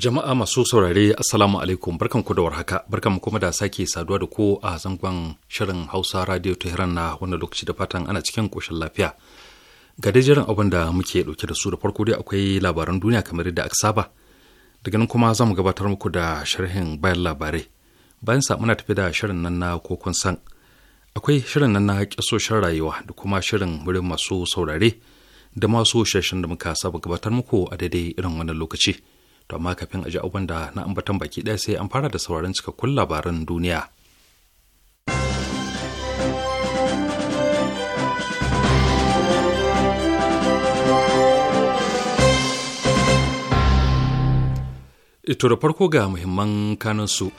Jama'a masu saurare Assalamu alaikum barkan ku da warhaka barkan mu kuma da sake saduwa da ku a zangon shirin Hausa Radio Tehran na wanda lokaci da fatan ana cikin koshin lafiya. Ga dai jiran abin da muke dauke da su da farko dai akwai labaran duniya kamar yadda aka saba. Daga nan kuma za mu gabatar muku da sharhin bayan labarai. Bayan sa muna tafi da shirin nan na kokon san. Akwai shirin nan na kyasoshin rayuwa da kuma shirin murin masu saurare da masu shashin da muka saba gabatar muku a daidai irin wannan lokaci. to amma kafin a ji abin da na ambatan baki ɗaya sai an fara da sauraron cikakkun labaran duniya ito da farko ga muhimman kanunsu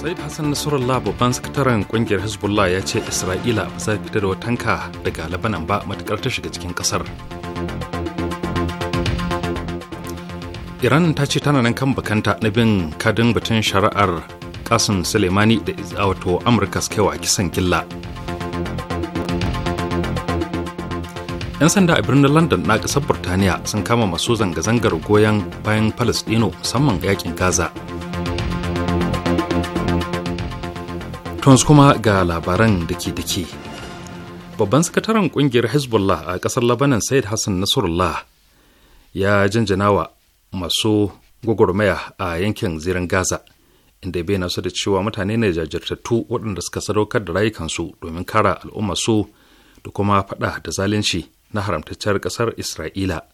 sai Hassan Nasrullah babban sakataren kungiyar Hezbollah ya ce Isra'ila ba za ta fita da watanka daga Labanan ba matukar ta shiga cikin kasar. Iran ta ce tana nan kan bakanta na bin kadin batun shari'ar Kasim Suleimani da wato Amurka kaiwa kisan gilla. 'yan sanda a birnin london na kasar burtaniya sun kama masu zanga-zangar goyon bayan palestino musamman yakin gaza yanzu kuma ga labaran da ke dake babban sakataren kungiyar hezbollah a kasar labanan said hassan nasrullah ya janjana wa masu gwagwarmaya a yankin zirin gaza inda bai nasu da cewa mutane ne jajirtattu waɗanda suka sadaukar da rayukansu domin kara al'umma su da kuma faɗa da zalunci na haramtacciyar ƙasar isra'ila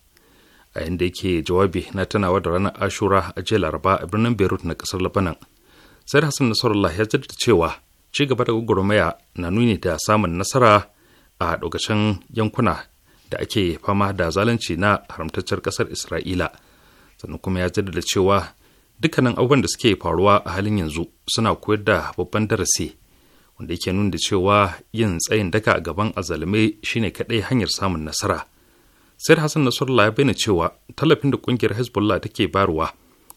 a yadda yake jawabi na tunawa da ranar ashura a jiya laraba a birnin beirut na ƙasar labanan sai hassan nasarallah ya jaddada cewa ci gaba da gwagwarmaya na nuni da samun nasara a ɗaukacin yankuna da ake fama da zalunci na haramtaccen ƙasar isra'ila sannan kuma ya jaddada cewa dukkanin abubuwan da suke faruwa a halin yanzu suna koyar da babban darasi wanda yake nuna da cewa yin tsayin daka a gaban azalume shine kaɗai hanyar samun nasara da hassan nasarallah ya bayyana cewa tallafin da ƙungiyar hezbollah take bayarwa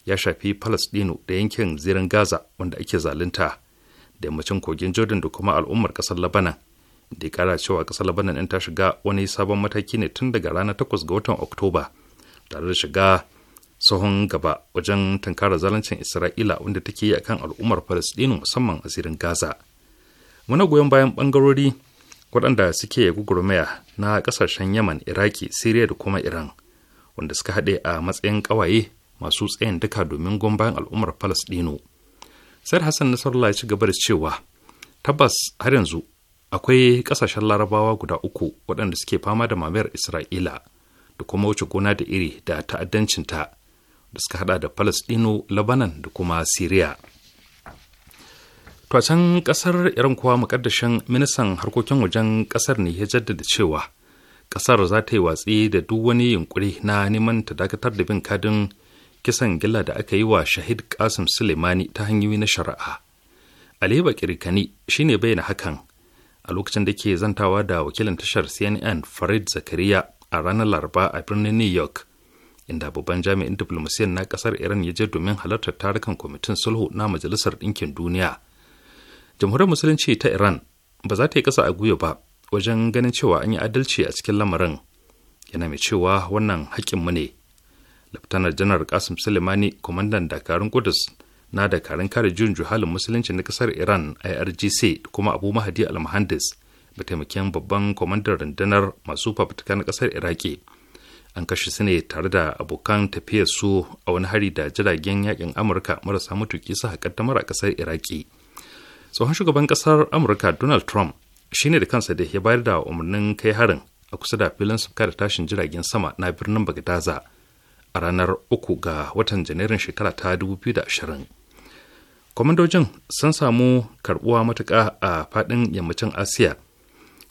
ya shafi palestino da yankin zirin gaza wanda ake zalunta da yammacin kogin jordan da kuma al'ummar kasar labanan da ya kara cewa kasar labanan in ta shiga wani sabon mataki ne tun daga ranar 8 ga watan oktoba tare da shiga sahun gaba wajen tankara zalancin isra'ila wanda take yi akan al'ummar falastinu musamman asirin gaza muna goyon bayan bangarori waɗanda suke gugurmaya na ƙasashen yaman iraki siriya da kuma iran wanda suka haɗe a matsayin ƙawaye masu tsayin duka domin gwamban al'ummar palestinu. sai hassan nasarullah ya ci gaba da cewa tabbas har yanzu akwai ƙasashen larabawa guda uku waɗanda suke fama da mamayar isra'ila da kuma wuce gona da iri da ta'addancinta da suka hada da palestino Lebanon da kuma syria to can ƙasar iran kuwa muƙaddashin ministan harkokin wajen ƙasar ne ya jaddada cewa ƙasar za ta yi watsi da duk wani yunƙuri na neman ta dakatar da bin kadin kisan gilla da aka yi wa shahid kasim suleimani ta hanyoyi na shari'a ali bakirkani shine bayyana hakan a lokacin da ke zantawa da wakilin tashar cnn farid zakariya a ranar laraba a birnin new york inda babban jami'in diplomasiyyar na kasar iran ya je domin halartar tarukan kwamitin sulhu na majalisar ɗinkin duniya jamhuriyar musulunci ta iran ba za ta yi kasa a gwiwa ba wajen ganin cewa an yi adalci a cikin lamarin yana mai cewa wannan haƙƙinmu ne laftanar janar kasim sulemani kwamandan dakarun kudus na dakarun kare juyin juhalin musulunci na kasar iran irgc da kuma abu mahadi almuhandis mataimakin babban kwamandan rundunar masu fafutuka na kasar iraki an kashe su ne tare da abokan tafiyar su a wani hari da jiragen yakin amurka marasa mutuki su haƙaddamar a kasar iraki tsohon shugaban kasar amurka donald trump shine da kansa da ya bayar da umarnin kai harin a kusa da filin sabka da tashin jiragen sama na birnin bagdaza a ranar 3 ga watan janairun shekara ta 2020 kwamandojin sun samu karbuwa matuƙa a faɗin yammacin asiya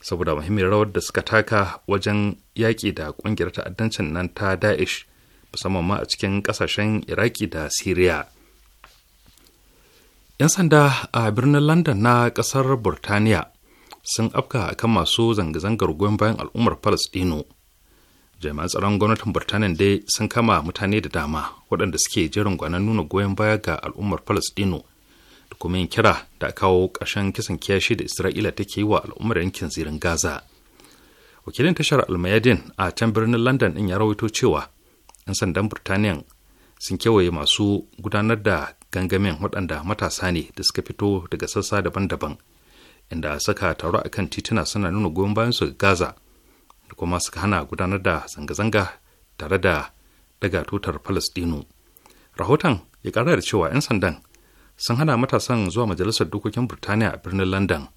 saboda muhimmin rawar da suka taka wajen yaƙi da ƙungiyar ta'addancin nan ta daesh musamman ma a cikin ƙasashen iraki da siriya 'yan sanda a birnin london na ƙasar burtaniya sun afka akan masu zanga-zangar goyon bayan al'ummar Falasɗinu. jami'an tsaron gwamnatin burtaniya dai sun kama mutane da dama waɗanda suke jerin gwanan nuna goyon baya ga al'ummar palestino da kuma yin kira da kawo ƙarshen kisan kiyashi da isra'ila take yi wa al'ummar yankin zirin gaza wakilin tashar almayadin a can birnin london ɗin ya rawaito cewa 'yan sandan burtaniya sun kewaye masu gudanar da gangamin waɗanda matasa ne da suka fito daga sassa daban-daban inda saka taro a kan tituna suna nuna goyon bayansu ga gaza da kuma suka hana gudanar da zanga-zanga tare da daga tutar Falasɗinu. Rahoton ya ƙara da cewa 'yan sandan sun hana matasan zuwa majalisar dokokin Burtaniya a birnin London.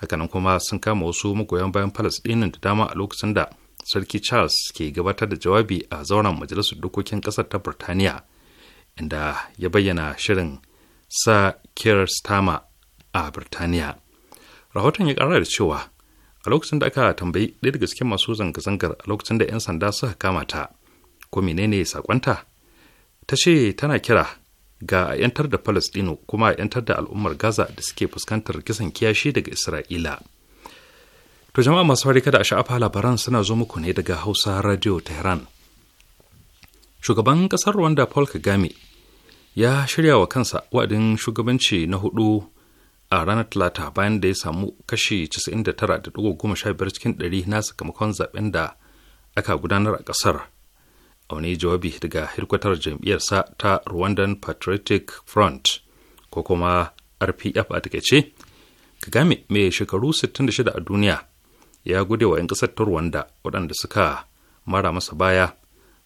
Hakanan kuma sun kama wasu magoyan bayan falastinu da dama a lokacin da Sarki Charles ke gabatar da jawabi a zauren majalisar dokokin ƙasar ta Burtaniya, inda ya bayyana shirin sa Keir Starmer a Burtaniya. Rahoton ya ƙara da cewa a lokacin da aka tambayi ɗaya daga cikin masu zanga-zangar a lokacin da 'yan sanda suka kama ta ko menene sakonta ta ce tana kira ga a 'yantar da palestino kuma a 'yantar da al'ummar gaza da suke fuskantar kisan kiyashi daga isra'ila to jama'a masu harika da a sha'afa labaran suna zo muku ne daga hausa radio tehran shugaban kasar rwanda paul kagame ya shirya wa kansa wa'adin shugabanci na hudu a ranar talata bayan da ya samu kashi 99.15 cikin 100 na sakamakon zaben da aka gudanar a kasar a wani jawabi daga hirkwatar jam'iyyarsa ta rwandan patriotic front ko kuma rpf a ce kagame mai shekaru 66 a duniya ya gode wa 'yan ƙasar ta rwanda waɗanda suka mara masa baya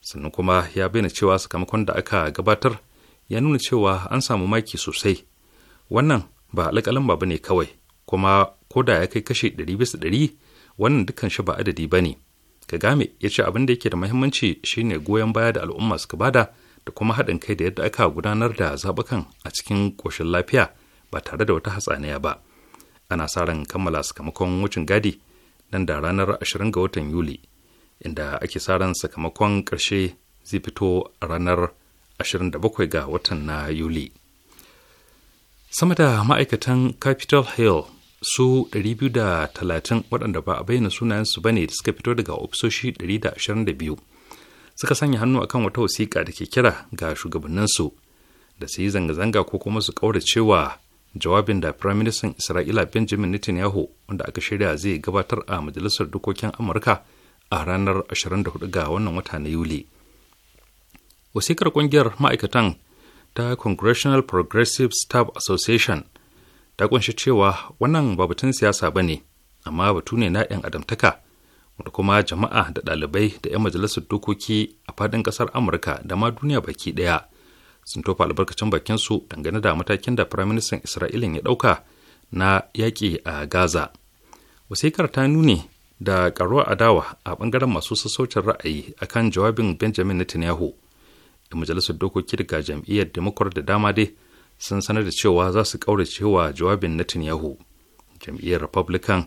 sannan kuma ya bayyana cewa sakamakon da aka gabatar ya nuna cewa an samu maki sosai wannan ba alƙalan ba ne kawai kuma ko da ya kai kashe ɗari bisa ɗari wannan dukkan shi ba adadi ba ne kagame ya ce abin da yake da muhimmanci shine goyon baya da al'umma suka bada da kuma haɗin kai da yadda aka gudanar da zaɓukan a cikin ƙoshin lafiya ba tare da wata hatsaniya ba ana sa ran kammala sakamakon wucin gadi nan da ranar 20 ga watan yuli inda ake sa ran sakamakon ƙarshe zai fito a ranar 27 ga watan na yuli. sama da ma'aikatan capitol hill su 230 waɗanda ba a bayyana sunayensu ba ne da suka fito daga ofisoshi 122 suka sanya hannu akan wata wasiƙa da ke kira ga shugabanninsu da su yi zanga-zanga ko kuma su ƙaura cewa jawabin da firaministan isra'ila benjamin netanyahu wanda aka shirya zai gabatar a majalisar dokokin amurka a ranar 24 ga wannan wata na yuli wasikar ƙungiyar ma'aikatan ta Congressional Progressive Staff Association ta kunshi cewa wannan ba batun siyasa ba ne, amma batu ne na 'yan adamtaka, wanda kuma jama'a da ɗalibai da 'yan majalisar dokoki a faɗin ƙasar Amurka da ma duniya baki ɗaya sun tofa albarkacin bakinsu dangane da matakin da Firaministan Isra'ilin ya ɗauka na yaƙi a Gaza. Wasikar ta nuni da ƙaruwar adawa a ɓangaren masu sassaucin ra'ayi akan jawabin Benjamin Netanyahu. da majalisar dokoki daga jam'iyyar democrat da dama dai sun sanar da cewa za su kaura cewa jawabin netanyahu jam'iyyar republican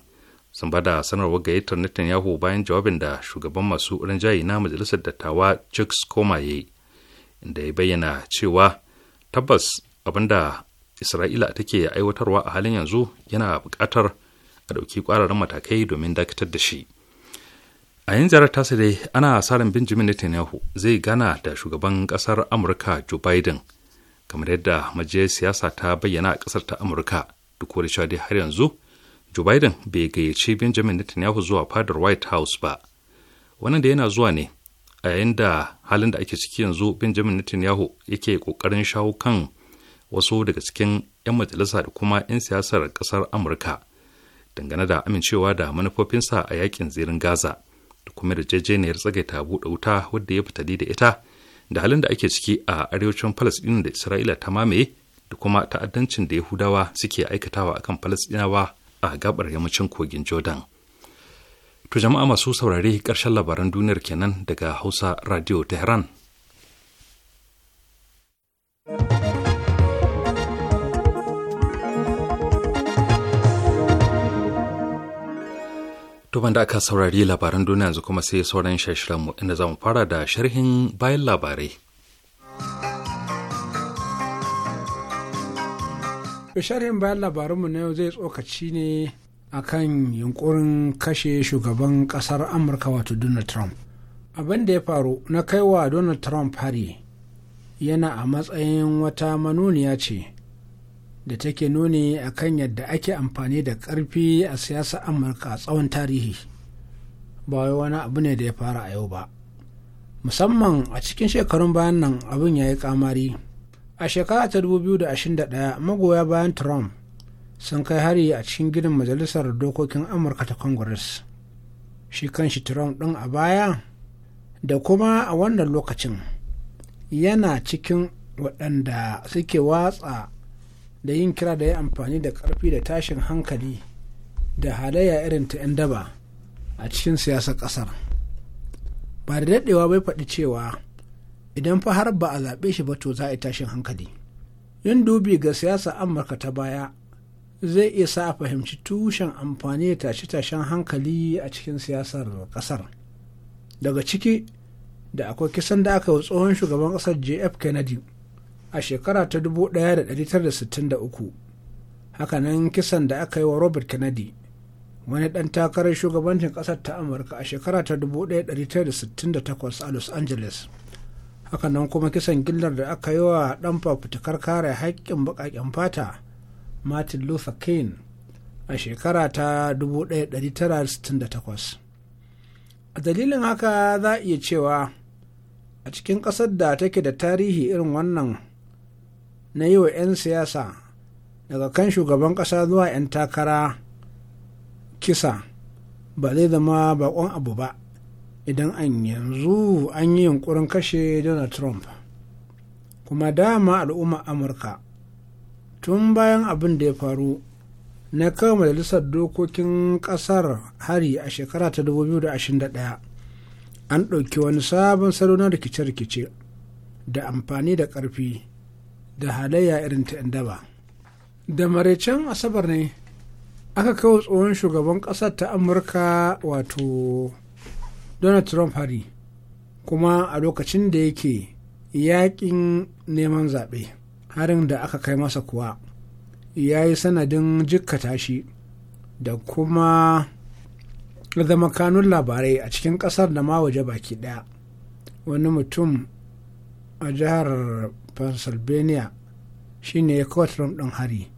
sun bada sanarwar gayyatar netanyahu bayan jawabin da shugaban masu rinjaye na majalisar dattawa chuck koma ya inda ya bayyana cewa tabbas abin da isra'ila take aiwatarwa a halin yanzu yana buƙatar a ɗauki ƙwararren matakai domin dakatar da shi a yin ziyarar tasa dai ana asarin benjamin netanyahu zai gana da shugaban kasar amurka joe biden kamar yadda majiyar siyasa ta bayyana a kasar ta amurka duk wani shaɗi har yanzu joe biden bai gayyaci benjamin netanyahu zuwa fadar white house ba wannan da yana zuwa ne a yayin da halin da ake ciki yanzu benjamin netanyahu yake kokarin shawo kan wasu daga cikin 'yan majalisa da kuma 'yan siyasar kasar amurka dangane da amincewa da manufofinsa a yakin zirin gaza da kuma yarjejeniyar tsagaita buɗe wuta wadda ya fitali da ita da halin da ake ciki a arewacin falasɗinu da isra'ila ta mamaye da kuma ta'addancin da yahudawa suke aikatawa akan falasɗinawa a gabar yammacin kogin jordan to jama'a masu saurare karshen labaran duniyar kenan daga hausa radio tehran thank Tuban da aka saurari labaran duniya yanzu kuma sai sauran shashiranmu inda za mu fara da sharhin bayan labarai. sharhin bayan labarinmu na yau zai tsokaci ne akan yunkurin kashe shugaban kasar amurka wato donald trump abin da ya faru na kaiwa donald trump hari yana a matsayin wata manuniya ce da take nuni a kan yadda ake amfani da ƙarfi a siyasar amurka a tsawon tarihi ba wai wani abu ne da ya fara a yau ba musamman a cikin shekarun bayan nan abin ya yi kamari a shekara ta 2021 magoya bayan trump sun kai hari a cikin gidan majalisar dokokin amurka ta congress shi kanshi trump ɗin a baya da kuma a wannan lokacin yana cikin waɗanda suke watsa da yin kira da ya amfani da karfi da tashin hankali da halayya irin ta 'yan daba a cikin siyasar kasar ba da daɗewa bai faɗi cewa idan fa har ba a zaɓe shi ba to za a yi tashin hankali yin dubi ga siyasar amurka ta baya zai iya sa a fahimci tushen amfani da tashe-tashen hankali a cikin siyasar kasar daga ciki da akwai kisan da aka yi tsohon shugaban kasar jf kennedy a shekara ta 1963 hakanan kisan da aka yi wa robert kennedy wani ɗan takarar shugabancin ƙasar ta amurka a shekara ta 1968 a los angeles hakanan kuma kisan gillar da aka yi wa ɗan fafutukar kare haƙƙin baƙaƙen fata martin luther king a shekara ta 1968 a dalilin haka za a iya cewa a cikin ƙasar da take da tarihi irin wannan na yi wa 'yan siyasa daga kan shugaban ƙasa zuwa 'yan takara kisa ba zai zama bakon abu ba idan an yanzu an yi yunkurin kashe donald trump kuma dama al'umma amurka tun bayan abin da ya faru na kawo majalisar dokokin kasar hari a shekara ta 2021 an ɗauki wani sabon salo na rikice-rikice da amfani da ƙarfi da halayya irin ta yan daba da maraicen asabar ne aka kawo tsohon shugaban ƙasar ta amurka wato donald trump hari kuma a lokacin da yake yakin neman zaɓe harin da aka kai masa kuwa ya yi sanadin jikkata shi da kuma zama kanun labarai a cikin ƙasar da ma waje baki ɗaya wani mutum a jihar pennsylvania shine ya kawo ɗin hari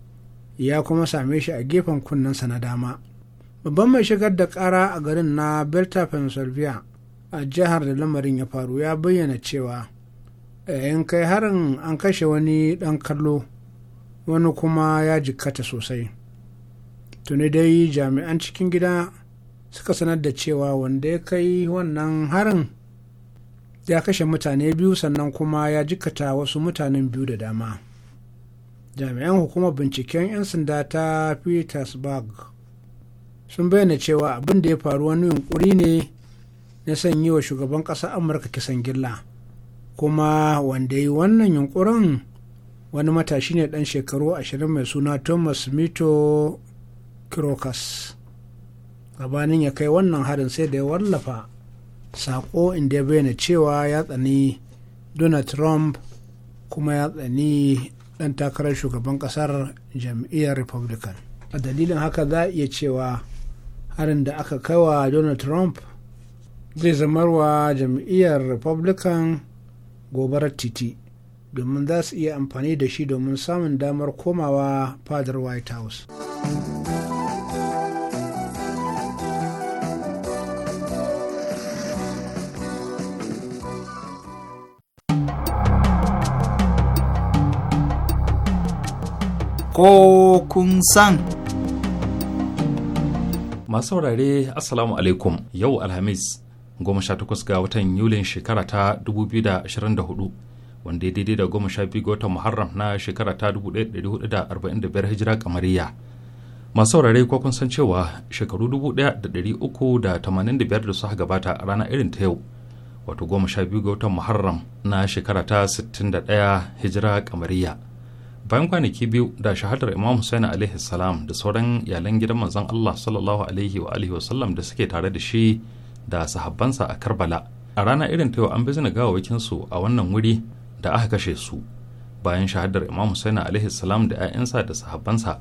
ya kuma same shi a gefen kunnensa na dama babban mai shigar da ƙara a garin na belta pennsylvania a jihar da lamarin ya faru ya bayyana cewa yayin kai harin an kashe wani ɗan kallo wani kuma ya jikkata sosai tuni dai jami'an cikin gida suka sanar da cewa wanda ya kai wannan harin ya kashe mutane biyu sannan kuma ya jikata wasu mutanen biyu da dama jami'an hukumar binciken 'yan sanda ta petersburg sun bayyana cewa abin da ya faru wani yunkuri ne na sanyi wa shugaban ƙasa amurka kisan gilla kuma wanda yi wannan yunkurin wani matashi ne dan shekaru ashirin mai suna thomas mito crocus gabanin ya kai wannan harin sai da ya wallafa sako inda ya bayyana cewa ya tsani donald trump kuma ya tsani dan takarar shugaban kasar jam'iyyar republican a dalilin haka za a iya cewa harin da aka kawa donald trump zai zamar wa jam'iyyar republican gobarar titi domin za su iya amfani da shi domin samun damar komawa fadar white house ko kun san. Masu saurare Assalamu alaikum yau Alhamis goma sha takwas ga watan Yulin shekara ta 2024 wanda ya daidai da goma sha biyu ga watan Muharram na shekara ta 1445 hijira kamariya. Masu saurare ko kun san cewa shekaru 1385 da suka gabata a ranar irin ta yau wato goma sha biyu ga watan Muharram na shekara ta 61 hijira kamariya. bayan kwanaki biyu da shahadar imam husaini alaihi salam da sauran iyalan gidan manzon allah sallallahu alaihi wa alihi sallam da suke tare da shi da sahabbansa a karbala a rana irin ta yau an bizina gawawakin su a wannan wuri da aka kashe su bayan shahadar imam husaini alaihi salam da 'ya'yansa da sahabbansa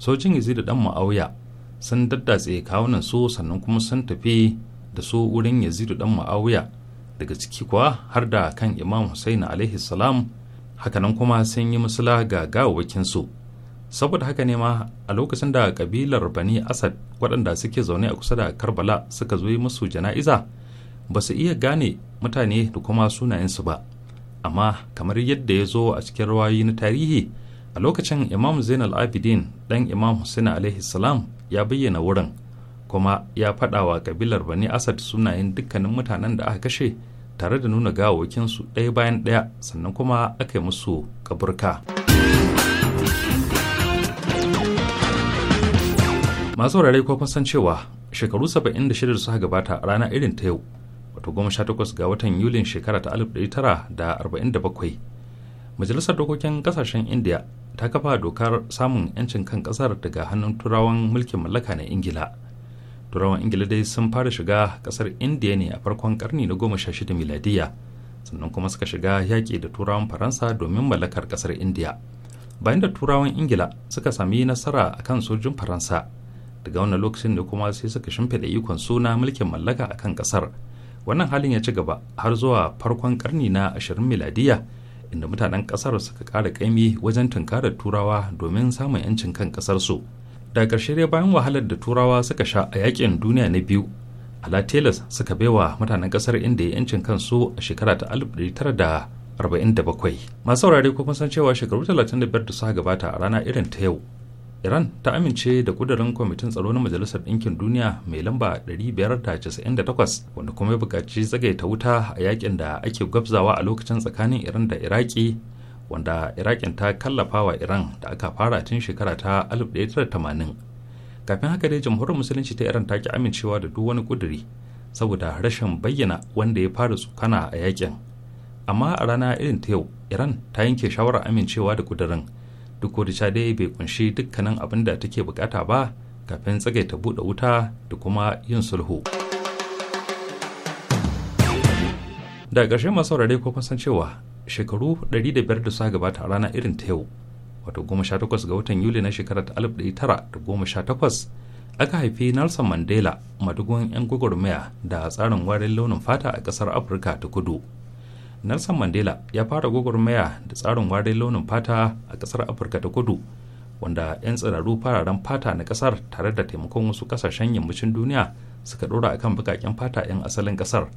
sojin yazid da dan ma'auya sun daddatse kawunan su sannan kuma sun tafi da su wurin yazidu dan ma'auya daga ciki kuwa har da kan imam husaini alaihi salam hakanan kuma sun yi musula ga gawawakinsu saboda haka ne ma a lokacin da kabilar bani asad waɗanda suke zaune a kusa da karbala suka zo yi musu jana'iza ba su iya gane mutane da kuma sunayensu ba amma kamar yadda ya zo a cikin rawayi na tarihi a lokacin imam zainal abidin ɗan imam hussein alaihi salam ya bayyana wurin kuma ya faɗa kabilar bani asad sunayen dukkanin mutanen da aka kashe tare da nuna gawawakinsu ɗaya bayan ɗaya sannan kuma aka yi musu kaburka masu wurare ko kun cewa shekaru 76 suka gabata a rana irin ta yau wato 18 ga watan yulin shekara ta 1947 majalisar dokokin kasashen indiya ta kafa dokar samun 'yancin kan kasar daga hannun turawan mulkin mallaka na ingila turawan ingila dai sun fara shiga kasar indiya ne a farkon karni na goma sha shida miladiya sannan kuma suka shiga yaƙi da turawan faransa domin mallakar kasar indiya bayan da turawan ingila suka sami nasara akan sojin faransa daga wannan lokacin da kuma sai suka shimfida ikon suna mulkin mallaka a kan kasar wannan halin ya ci gaba har zuwa farkon karni na ashirin miladiya inda mutanen kasar suka ƙara kaimi wajen tunkarar turawa domin samun 'yancin kan kasarsu su da ƙarshe dai bayan wahalar da turawa suka sha a yakin duniya na biyu ala suka baiwa mutanen ƙasar inda ya yancin kansu a shekara ta 1947 masu saurare kuma san cewa shekaru 35 da suka gabata a rana irin ta yau iran ta amince da kudurin kwamitin tsaro na majalisar ɗinkin duniya mai lamba 598 wanda kuma ya buƙaci tsagaita wuta a yakin da ake gwabzawa a lokacin tsakanin iran da iraki wanda iraƙin ta kallafa wa iran da aka fara tun shekara ta 1980 kafin haka dai jamhuriyar musulunci ta iran ta ki amincewa da duk wani ƙuduri saboda rashin bayyana wanda ya fara tsokana a yakin amma a rana irin ta yau iran ta yanke shawarar amincewa da kudirin duk da dai bai kunshi dukkanin abin da take bukata ba kafin tsagaita buɗe wuta da kuma yin sulhu. daga ƙarshe masu saurare ko san cewa shekaru 105 da suka gabata a rana irin ta yau wato 18 ga watan yuli na shekarar 1918 aka haifi nelson mandela madugun 'yan gwagwarmaya da tsarin warin launin fata a ƙasar afirka ta kudu nelson mandela ya fara gwagwarmaya da tsarin warin launin fata a ƙasar afirka ta kudu wanda 'yan tsiraru fararen fata na ƙasar tare da taimakon wasu ƙasashen yammacin duniya suka dora akan bukakin fata 'yan asalin ƙasar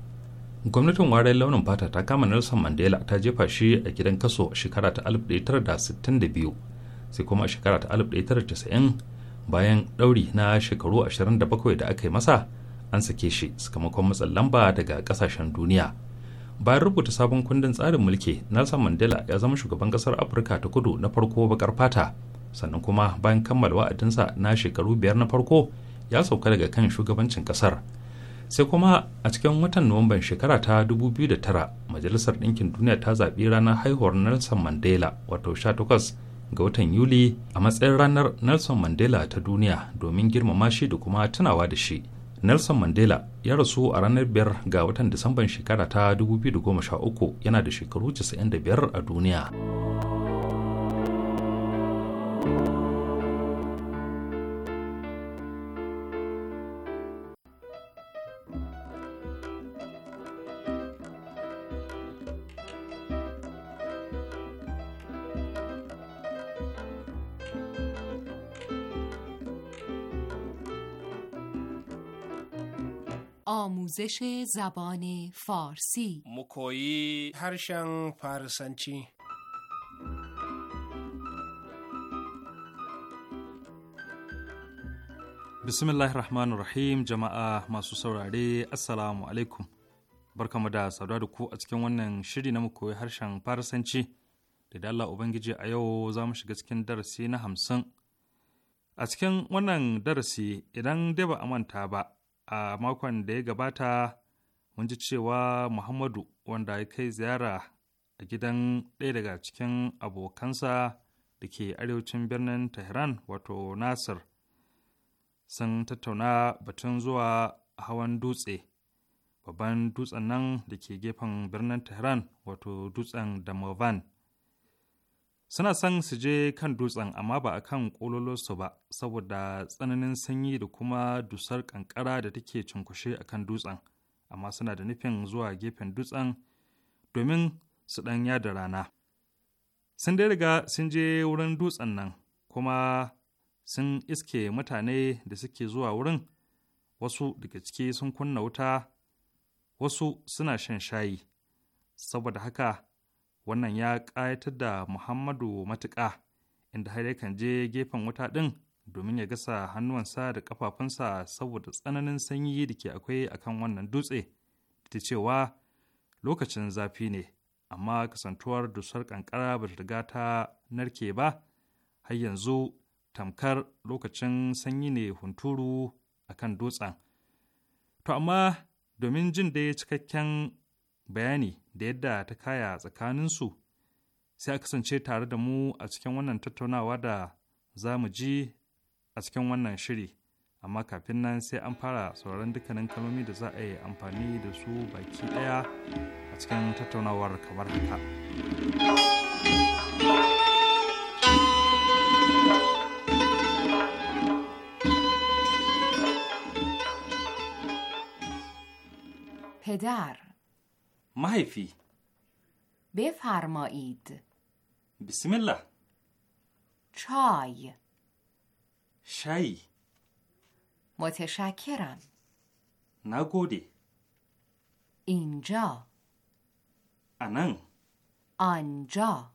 gwamnatin warayen launin fata ta kama nelson mandela ta jefa shi a gidan kaso a shekara ta 1962 sai kuma a shekara ta 1990 bayan ɗauri na shekaru 27 da aka yi masa an sake shi sakamakon matsan lamba daga kasashen duniya bayan rubuta sabon kundin tsarin mulki nelson mandela ya zama shugaban kasar afirka ta kudu na farko bakar fata sannan kuma bayan kammala wa'adinsa na shekaru biyar na farko ya sauka daga kan shugabancin kasar sai kuma a cikin watan nuwamban shekara ta 2009 majalisar ɗinkin duniya ta zaɓi ranar haihuwar nelson mandela wato 18 ga watan yuli a matsayin ranar nelson mandela ta duniya domin girmama shi da kuma tunawa da shi nelson mandela ya rasu a ranar biyar ga watan disamban shekara ta 2013 yana da shekaru 95 a duniya. آموزش زبان فارسی مکویی هرشن فارسنچی bismillahir rahmanir rahim jama'a masu saurare asalamu alaikum barkamu da saduwa da ku a cikin wannan shiri na koyi harshen farisanci da dalla ubangiji a yau za mu shiga cikin darasi na hamsin a cikin wannan darasi idan dai ba a manta ba a makon da ya gabata mun ji cewa muhammadu wanda ya kai ziyara a gidan ɗaya daga cikin abokansa da ke arewacin birnin tehran wato nasir sun tattauna batun zuwa hawan dutse babban dutsen nan da ke gefen birnin tehran wato dutsen damovan suna son su je kan dutsen amma ba a kan ƙololonsu ba saboda tsananin sanyi da kuma dusar ƙanƙara da take cunkushe a kan dutsen amma suna da nufin zuwa gefen dutsen domin su dan yada rana sun dai riga sun je wurin dutsen nan kuma sun iske mutane da suke zuwa wurin wasu daga ciki sun kunna wuta wasu suna shan shayi saboda haka wannan ya ƙayatar da muhammadu matuƙa inda har yakan je gefen wuta ɗin domin ya gasa hannuwansa da ƙafafunsa saboda tsananin sanyi da ke akwai akan wannan dutse ta cewa lokacin zafi ne amma kasantuwar dusar ƙanƙara ba riga ta narke ba har yanzu tamkar lokacin sanyi ne hunturu akan dutsen to amma domin jin da cikakken bayani da yadda ta kaya tsakaninsu sai a kasance tare da mu a cikin wannan tattaunawa da za mu ji a cikin wannan shiri amma kafin nan sai an fara sauran dukkanin kalmomi da za a yi amfani da su baki ɗaya a cikin tattaunawar kamar haka. پدر مهیفی بفرمایید بسم الله چای شی. متشکرم نگودی اینجا انن آنجا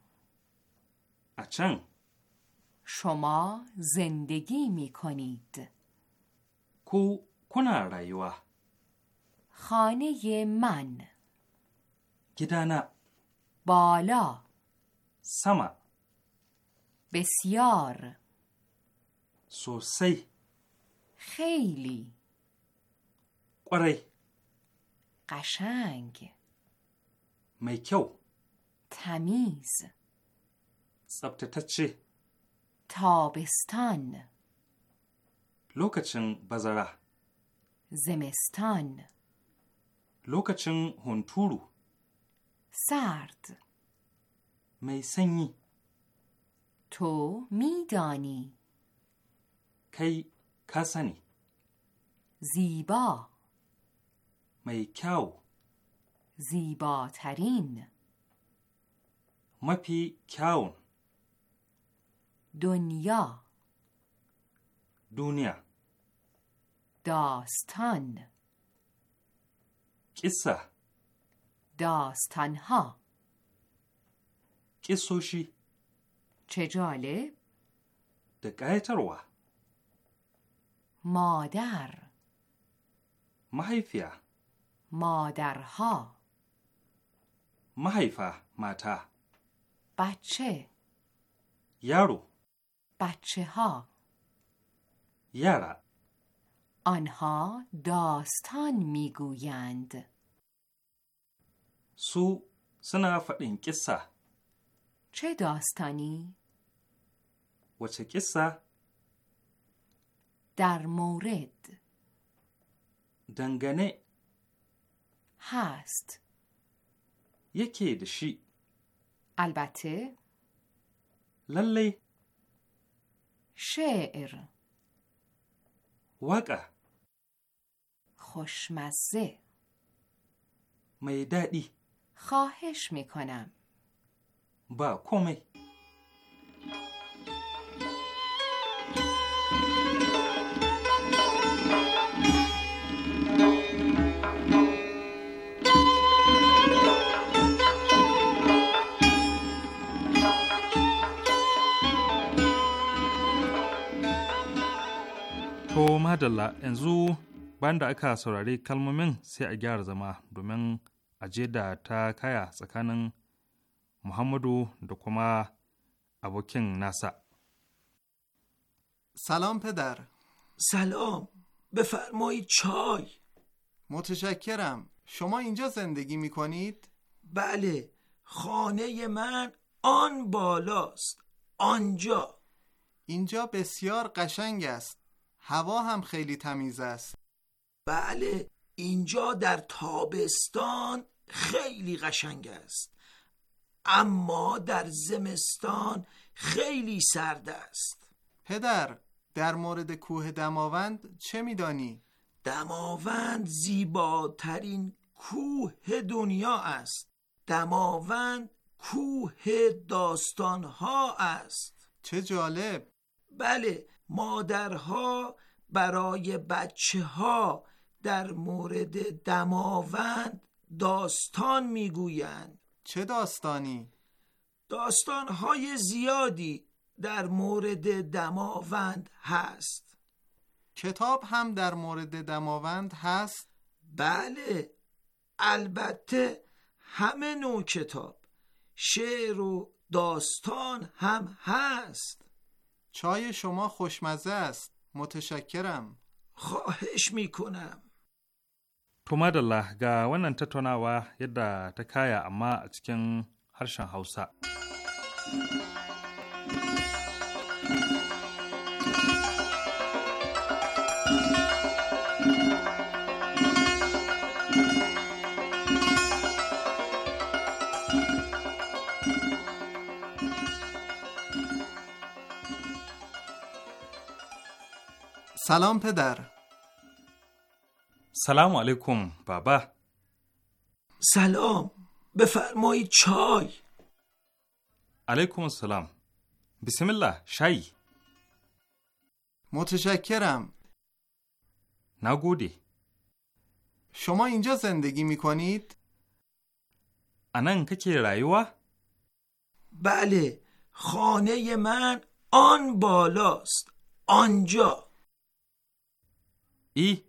اچن شما زندگی می کنید کو کنا رایوه خانه من گدانا بالا سما بسیار سوسی خیلی قره قشنگ میکو تمیز سبتتچه تابستان لوکچنگ بزرا زمستان لوکچنگ هونتورو سرد می تو میدانی کی کسنی زیبا می زیباترین مپی کاون دنیا دنیا داستان قصه داستانها چه سوشی؟ چه جالب؟ دقایتروا مادر محیفیا مادرها محیفه ماتا بچه یارو بچه ها یارا آنها داستان میگویند. سو سنا فدین قصه چه داستانی؟ و چه قصه؟ در مورد دنگنه هست یکی دشی البته للی شعر وقع خوشمزه میدادی خواهش میکنم با کومی To madalla yanzu banda aka saurari kalmomin sai a gyara zama domin ta kaya محمدو da kuma سلام پدر سلام بفرمایید چای متشکرم شما اینجا زندگی می کنید؟ بله خانه من آن بالاست آنجا اینجا بسیار قشنگ است هوا هم خیلی تمیز است بله اینجا در تابستان خیلی قشنگ است اما در زمستان خیلی سرد است پدر در مورد کوه دماوند چه میدانی؟ دماوند زیباترین کوه دنیا است دماوند کوه داستان ها است چه جالب بله مادرها برای بچه ها در مورد دماوند داستان میگویند چه داستانی؟ داستانهای زیادی در مورد دماوند هست کتاب هم در مورد دماوند هست؟ بله البته همه نوع کتاب شعر و داستان هم هست چای شما خوشمزه است متشکرم خواهش میکنم To madalla ga wannan tattaunawa yadda ta kaya amma a cikin harshen Hausa. سلام پدر سلام علیکم بابا سلام بفرمایید چای علیکم السلام بسم الله شای متشکرم نگودی شما اینجا زندگی میکنید؟ انا انان که رایوا؟ بله خانه من آن بالاست آنجا ای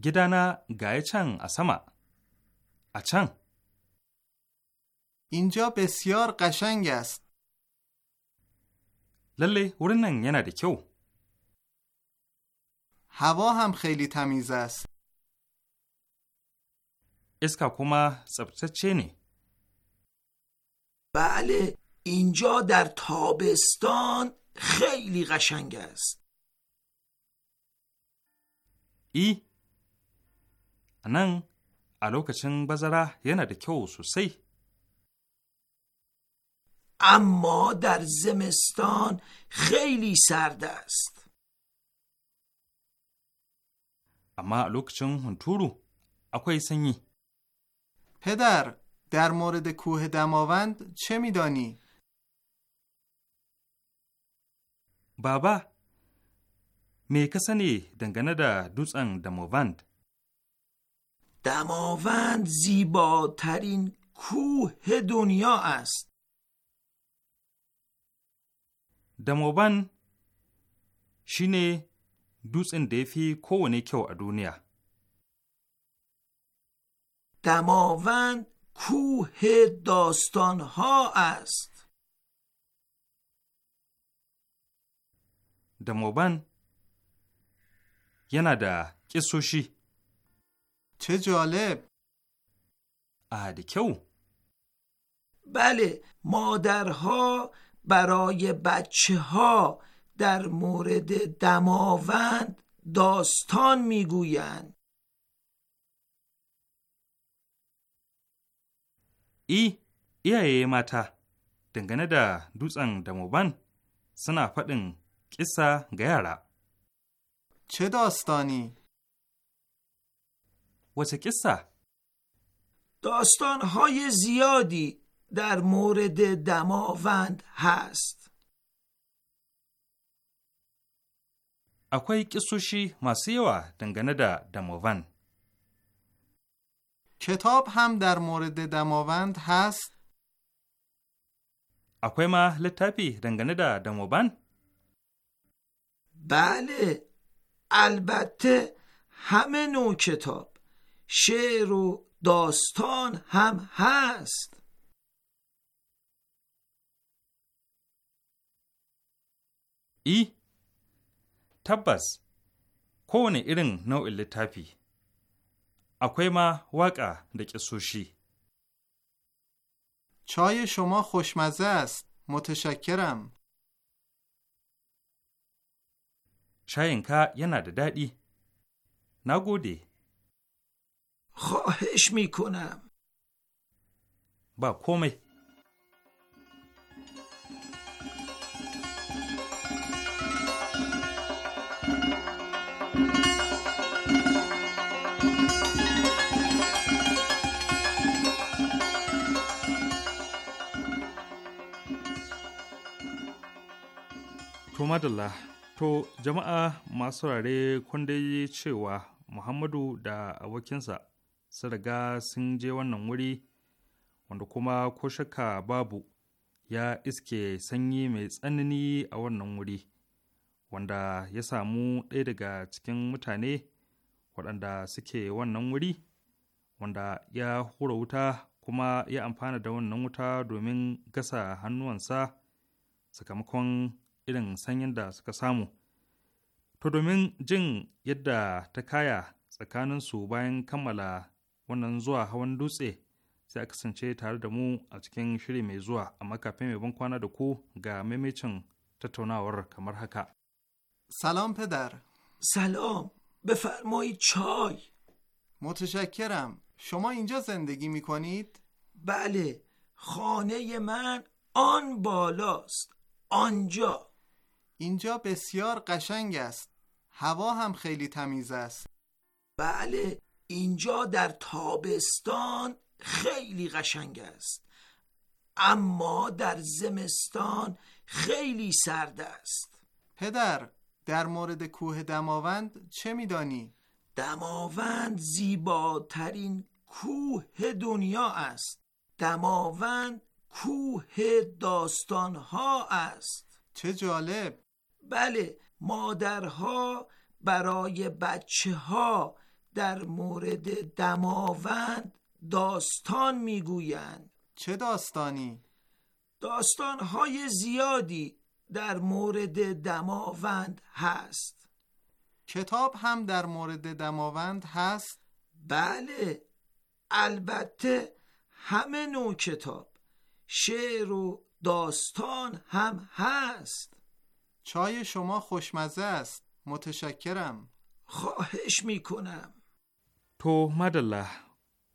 گیدانا گای چن اسما اینجا بسیار قشنگ است لله ورنن ینا ده کیو هوا هم خیلی تمیز است اسکا کوما تسبتچه نی بله اینجا در تابستان خیلی قشنگ است ای a nan a lokacin bazara yana da kyau sosai. Amma dar zimistan khayli sardast. Amma a lokacin hunturu akwai sanyi. Hedar, dar mori da kuhi ce mi Baba, me ka kasani dangane da dutsen damawand? Da دماوند زیباترین کوه دنیا است دماوند شینه dutsen da ya کیو ا kyau دماوند کوه داستان ها است. دماوند نده که چه جالب اهدکو بله مادرها برای بچه ها در مورد دماوند داستان میگویند ای iyaye ماتا دنگنه دا دوستان دموبان سنا faɗin کسا ga چه داستانی؟ واسه قصه داستانهای زیادی در مورد دماوند هست اکوی kisoshi سوشی yawa دنگنه در دماوند کتاب هم در مورد دماوند هست اکوی ما littafi دنگنه در دماوند بله البته همه نوع کتاب شعر و داستان هم هست ای تبس کونه ایرن نو لتافی اکوی ما واقع دک سوشی چای شما خوشمزه است متشکرم چای اینکا یه نده دادی نگودی خواهش میکنم با کمی To madalla, to jama'a masu rare kun dai cewa Muhammadu da abokinsa sun riga sun je wannan wuri wanda kuma ko shakka babu ya iske sanyi mai tsanani a wannan wuri wanda ya samu ɗaya daga cikin mutane waɗanda suke wannan wuri wanda ya hura wuta kuma ya amfana da wannan wuta domin gasa hannuwansa sakamakon irin sanyin da suka samu to domin jin yadda ta kaya tsakaninsu bayan kammala wannan zuwa hawan dutse sai a kasance tare da mu a cikin shiri mai zuwa a makafin mai ban kwana da ku ga maimacin tattaunawar kamar haka. Salam پدر Salam, بفرمایید chai. متشکرم شما اینجا زندگی می کنید؟ بله خانه من آن بالاست آنجا اینجا بسیار قشنگ است هوا هم خیلی تمیز است بله اینجا در تابستان خیلی قشنگ است اما در زمستان خیلی سرد است پدر در مورد کوه دماوند چه میدانی؟ دماوند زیباترین کوه دنیا است دماوند کوه داستان ها است چه جالب بله مادرها برای بچه ها در مورد دماوند داستان میگویند چه داستانی؟ داستانهای زیادی در مورد دماوند هست کتاب هم در مورد دماوند هست؟ بله البته همه نوع کتاب شعر و داستان هم هست چای شما خوشمزه است متشکرم خواهش میکنم To madalla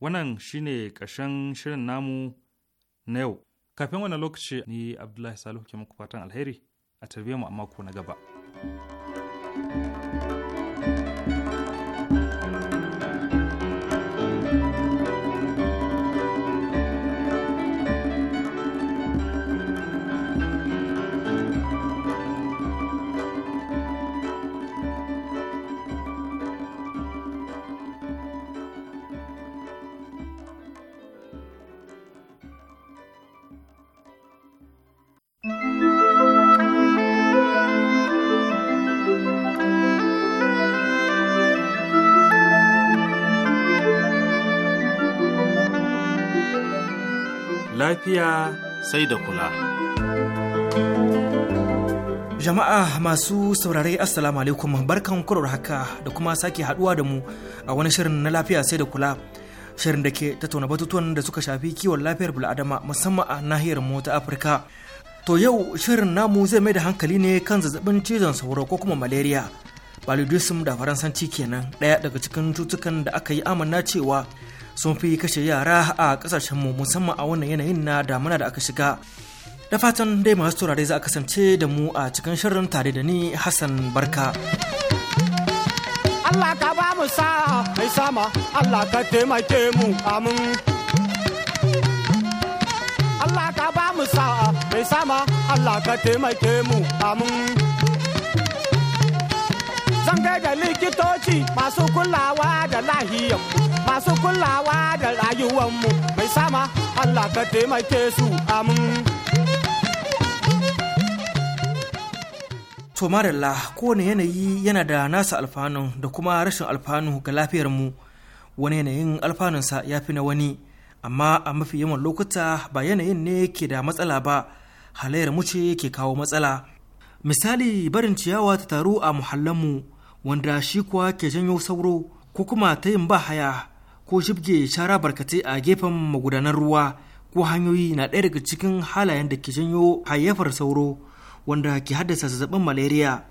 wannan shine ƙashen shirin namu na yau. Kafin wani lokaci ni Abdullahi Salihu ke muku fatan alheri a tarbiyyar mu a mako na gaba. thank you lafiya sai da kula. Jama'a masu saurare Assalamu alaikum barkan kurar haka da kuma sake haduwa da mu a wani shirin na lafiya sai da kula. Shirin da ke tattauna batutuwan da suka shafi kiwon lafiyar bil'adama musamman a nahiyar mu ta Afirka. To yau shirin namu zai mai da hankali ne kan zazzabin cizon sauro ko kuma malaria. Paludism da Faransanci kenan ɗaya daga cikin cutukan da aka yi amanna cewa sun fi kashe yara a mu musamman a wannan yanayin na damuna da aka shiga da fatan dai masu turare za a kasance da mu a cikin shirin tare da ni hassan barka Allah ka ba mu sa'a mai sama Allah ka taimake mu amin Allah ka ba mu sa'a mai sama Allah ka taimake mu amin Zan da likitoci masu kulawa da lahiyar masu kulawa da rayuwanmu mai sama Allah ka taimake su amin. To marilla kowane yanayi yana da nasa alfanu da kuma rashin alfanu ga lafiyarmu wani yanayin alfanunsa ya fi na wani amma a mafi yawan lokuta ba yanayin ne ke da matsala ba halayyar mu ce ke kawo matsala misali barin ciyawa ta taru a muhallanmu wanda shi kuwa ke janyo sauro ko kuma ta yin ba haya ko shibge shara barkatai a gefen magudanar ruwa ko hanyoyi na ɗaya daga cikin halayen da ke janyo hayyafar sauro wanda ke haddasa zazzabin malaria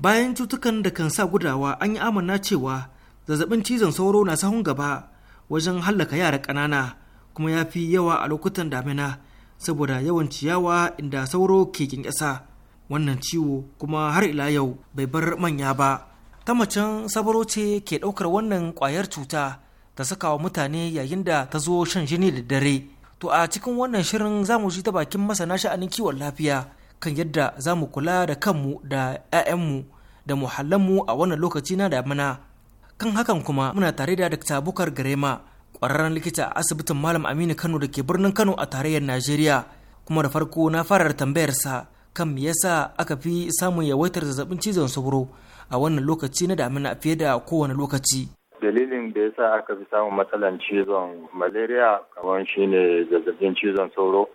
bayan cutukan da kan sa gudawa an yi amana cewa zazzabin cizon sauro na sahun gaba wajen hallaka yara ƙanana kuma ya fi yawa a lokutan damina saboda yawan ciyawa inda sauro ke ƙinƙasa wannan ciwo kuma har ila yau bai bar manya ba ta macen sabaro ce ke ɗaukar wannan ƙwayar cuta ta saka wa mutane yayin da ta zo shan jini da dare to a cikin wannan shirin za mu ji ta bakin masana sha'anin kiwon lafiya kan yadda za mu kula da kanmu da 'ya'yanmu da muhallanmu a wannan lokaci na damina kan hakan kuma muna tare da Dr. Bukar Garema ƙwararren likita a asibitin Malam Aminu Kano da ke birnin Kano a tarayyar Najeriya kuma da farko na fara tambayarsa kan me yasa aka fi samun yawaitar zazzabin cizon sauro a wannan lokaci na damina fiye da kowane lokaci. dalilin da yasa aka fi samun matsalan cizon malaria kamar shine zazzabin cizon sauro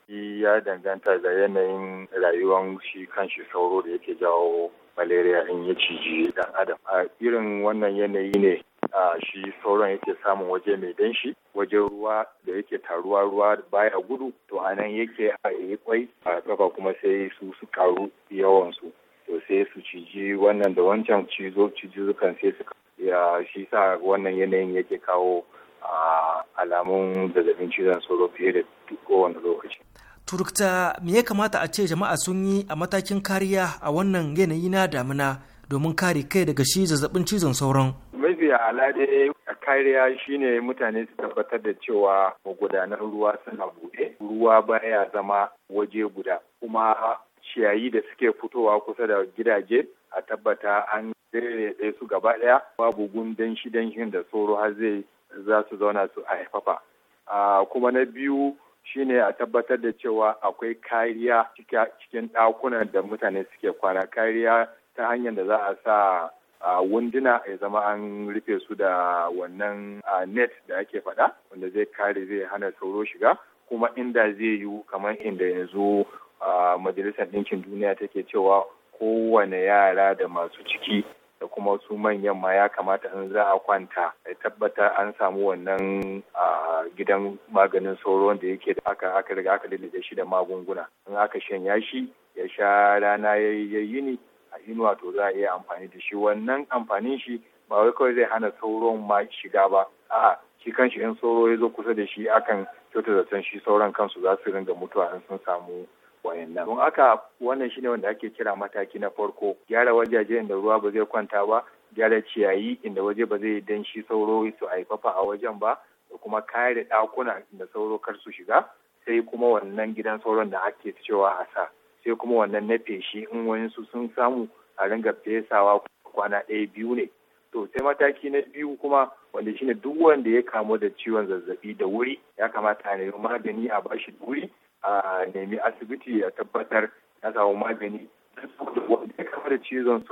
ya danganta da yanayin rayuwar shi kanshi sauro da yake jawo malaria in ya ciji dan adam a irin wannan yanayi ne a shi sauron yake samun waje mai danshi wajen ruwa da yake taruwa ruwa baya gudu to anan yake a yi kwai a kafa kuma sai su su karu yawansu to sai su ciji wannan da wancan cizo cizukan sai su ya shi sa wannan yanayin yake kawo alamun zazzabin cizon sauro fiye da kowane lokaci. turukta me ya kamata a ce jama'a sun yi a matakin kariya a wannan yanayi na damina domin kare kai daga shi zazzabin cizon sauron. mafi alade kariya shine mutane su tabbatar da cewa magudanar ruwa suna buɗe ruwa baya zama waje guda kuma ciyayi da suke fitowa kusa da gidaje a tabbata an rere su gaba ɗaya babu gundan shi danshin da tsoro har zai za su zauna su a haifafa kuma na biyu shine a tabbatar da cewa akwai kariya cikin ɗakunan da mutane suke kwana kariya ta hanyar da za a sa a wunduna ya zama an rufe su da wannan net da ake faɗa wanda zai kare zai hana sauro shiga kuma inda zai yiwu kamar inda yanzu a majalisar ɗinkin duniya take cewa kowane yara da masu ciki da kuma su manyan ma ya kamata in za a kwanta a tabbata an samu wannan gidan maganin sauro wanda yake da aka aka riga aka lalace shi da magunguna in aka shanya shi ya sha rana ya yi ni a inuwa to za a iya amfani da shi wannan amfanin shi ba wai kawai zai hana sauron ma shiga ba a'a shi kanshi in sauro ya zo kusa da shi akan kyauta zaton shi sauran kansu za su ringa mutuwa in sun samu nan. don aka wannan shine wanda ake kira mataki na farko gyara wajaje inda ruwa ba zai kwanta ba gyara ciyayi inda waje ba zai danshi sauro su haifafa a wajen ba da kuma da ɗakuna inda sauro kar su shiga sai kuma wannan gidan sauron da ake cewa a sa sai kuma wannan na feshi in wayansu sun samu a ringa fesawa kwana ɗaya biyu ne to sai mataki na biyu kuma wanda shine duk wanda ya kamu da ciwon zazzabi da wuri ya kamata a nemi magani a bashi wuri a nemi asibiti a tabbatar ya samu magani wanda kama da cizon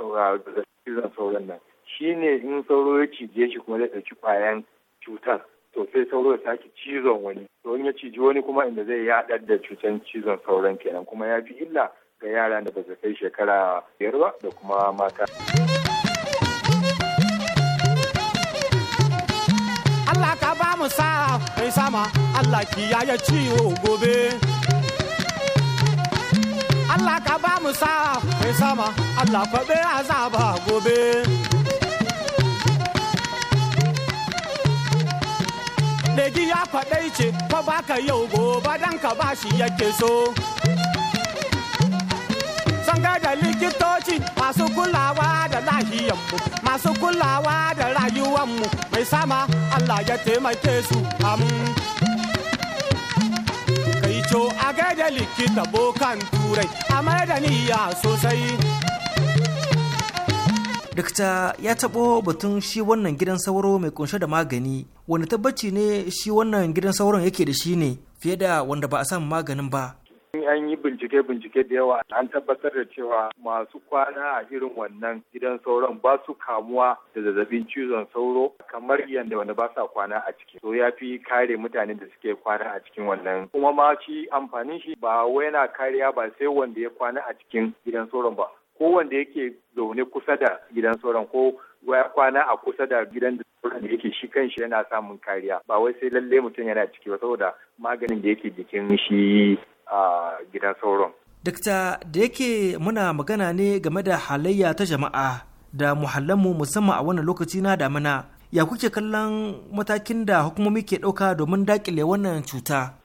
sauran nan shi ne in sauro ya cije shi kuma zai ɗauki ƙwayan cutar to sai sauro ya sake cizon wani to in ya ciji wani kuma inda zai yaɗar da cutar cizon sauran kenan kuma ya fi illa ga yara da ba su kai shekara biyar ba da kuma mata. Allah ka ba mu sa Allah mai sama Allah kiyaye ciwo gobe Allah ka ba mu sa mai sama Allah kwaɓe azaba gobe Legi ya kwaɗai ce, fa baka yau gobe dan ka ba shi yake so. likitoci masu kulawa da lahiyanmu masu kulawa da rayuwanmu mai sama Allah ya taimake su amu. kai co a gaida likita bokan turai a mai da niyya sosai Dakta ya taɓo batun shi wannan gidan sauro mai kunshe da magani wani tabbaci ne shi wannan gidan sauron yake da shi ne fiye da wanda ba a samu maganin ba An yi bincike-bincike da yawa an tabbatar da cewa masu kwana a irin wannan gidan sauron ba su kamuwa da zazzabin cizon sauro kamar yadda wani ba sa kwana a ciki. To ya fi kare mutanen da suke kwana a cikin wannan. Kuma ma shi amfanin shi ba wai yana kariya ba sai wanda ya kwana a cikin gidan sauron ba. Ko wanda yake zaune kusa da gidan sauron ko ya kwana a kusa da gidan da da yake shi kanshi yana samun kariya ba wai sai lalle mutum yana ciki ba saboda maganin da yake jikin shi a gidan sauron. Dakta da yake muna magana ne game da halayya ta jama'a da muhallanmu musamman a wannan lokaci na damina ya kuke kallon matakin da hukumomi ke ɗauka domin daƙile wannan cuta?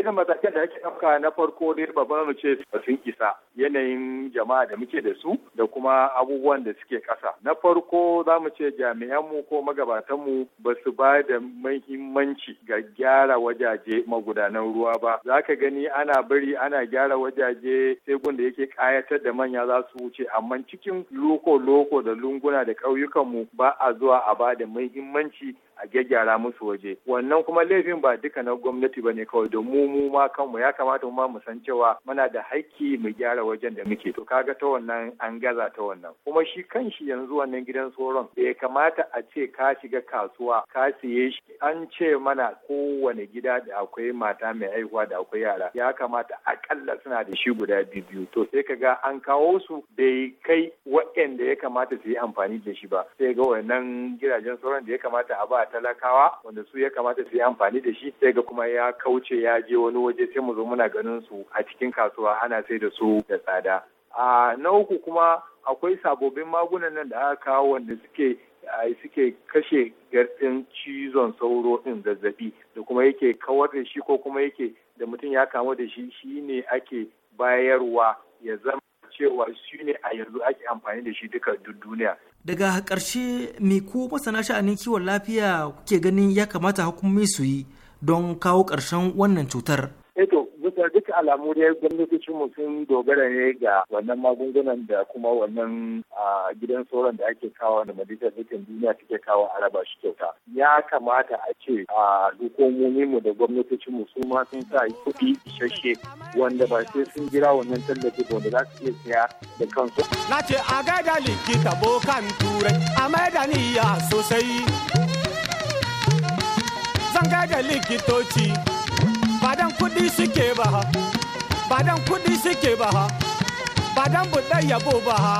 irin matakan da ake ɗauka na farko ne babban mu ce sun isa yanayin jama'a da muke da su da kuma abubuwan da suke ƙasa. Na farko za mu ce jami'anmu ko magabatanmu ba su ba da mahimmanci ga gyara wajaje magudanan ruwa ba. Za ka gani ana bari ana gyara wajaje sai da yake ƙayatar da manya za su wuce amma cikin loko-loko da lunguna da ƙauyukanmu ba a zuwa a ba da muhimmanci a gyaggyara musu waje wannan kuma laifin ba duka na gwamnati ba ne kawai da mu mu ma kanmu ya kamata mu ma mu san cewa muna da haƙƙi mu gyara wajen da muke to kaga ta wannan an gaza ta wannan kuma shi kanshi yanzu wannan gidan tsoron ya kamata a ce ka shiga kasuwa ka siye shi an ce mana kowane gida da akwai mata mai haihuwa da akwai yara ya kamata akalla suna da shi guda biyu to sai ka ga an kawo su bai kai waɗanda ya kamata su yi amfani da shi ba sai ga wannan gidajen sauran da ya kamata a ba talakawa wanda su ya kamata su yi amfani da shi sai ga kuma ya kauce ya je wani waje sai mu zo muna ganin su a cikin kasuwa ana sai da su da tsada a na uku kuma akwai sabobin magunan nan da aka kawo wanda suke suke kashe garɗin cizon sauro din zazzabi da kuma yake kawar da shi ko kuma yake da mutum ya kamu da shi shine ake bayarwa ya zama cewa shi ne a yanzu ake amfani da shi duka duniya. Daga ƙarshe me ko masana sha'anin kiwon lafiya kuke ganin ya kamata hukumomi su yi don kawo ƙarshen wannan cutar? Eto, eh bisa duk alamu dai gwamnatocin mu sun dogara ne ga wannan magungunan da kuma wannan gidan sauran da ake kawo da majalisar dukkan duniya take kawo a raba shi kyauta. Ya kamata a ce a hukumomi mu da gwamnatocin mu su ma sun sa kuɗi isasshe wanda ba sai sun jira wannan tallafi ba wanda za su iya siya da kansu. Na ce a gaida likita bokan turai a maida niyya sosai. Zan gaida likitoci badan kudi suke ba ha badan kudi suke ba ha badan buɗe yabo ba ha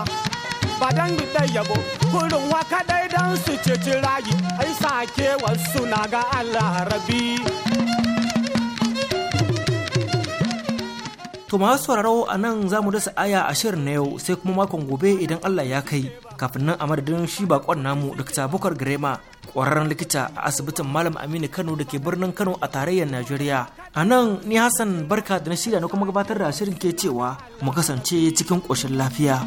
badan buɗe yabo kurin waka dai dan su ce rayi ai sake wasu na ga Allah rabi To masu sauraro a nan za mu dasa aya ashirin na yau sai kuma makon gobe idan Allah ya kai kafin nan a madadin shi bakon namu Dr. Bukar Grema ƙwararren likita a asibitin Malam Aminu Kano da ke birnin Kano a tarayyar Najeriya. A nan ni Hassan barka da na shirya na kuma gabatar da shirin ke cewa mu kasance cikin ƙoshin lafiya.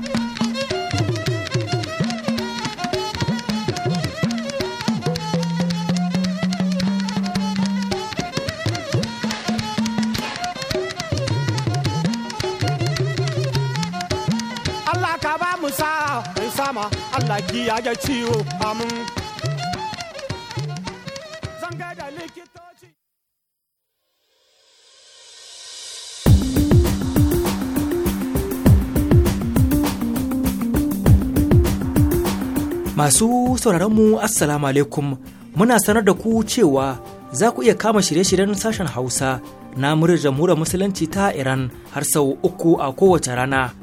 ma Allah ya ciwo amin. likitoci. Masu sauraronmu Assalamu alaikum muna sanar da ku cewa za ku iya kama shirye-shiryen sashen Hausa na muryar jamhuriyar Musulunci ta Iran har sau uku a kowace rana.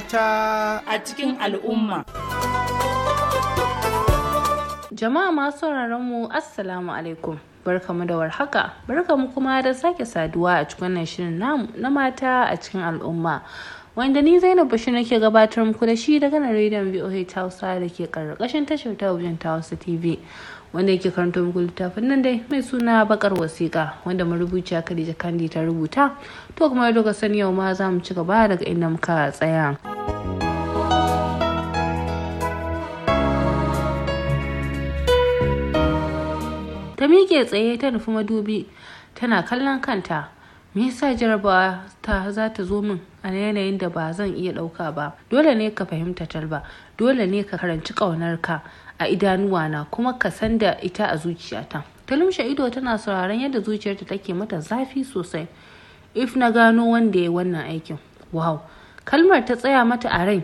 ta a cikin al'umma. Jama'a masu mu Assalamu alaikum. Barkamu da warhaka, barkamu kuma da sake saduwa a cikin wannan shirin namu na mata a cikin al'umma. Wanda ni Zainab Bashir nake gabatar muku da shi daga nan rediyon VOH Hausa da ke karkashin tashar talabijin ta Hausa TV. wanda yake karanta muku littafin nan dai mai suna bakar wasiƙa wanda marubuciya Khadija Kandi ta rubuta to kuma da ka sani yau ma za mu ci gaba daga inda muka tsaya. ta miƙe tsaye ta nufi madubi tana kallon kanta me yasa jarabawa ta za ta zo min a yanayin da ba zan iya ɗauka ba dole ne ka fahimta talba dole ne ka karanci ƙaunarka a idanuwa na kuma ka san da ita a zuciyata ta lumshe ido tana sauraron yadda zuciyarta take mata zafi sosai if na gano wanda ya wannan aikin wow kalmar ta tsaya mata a rai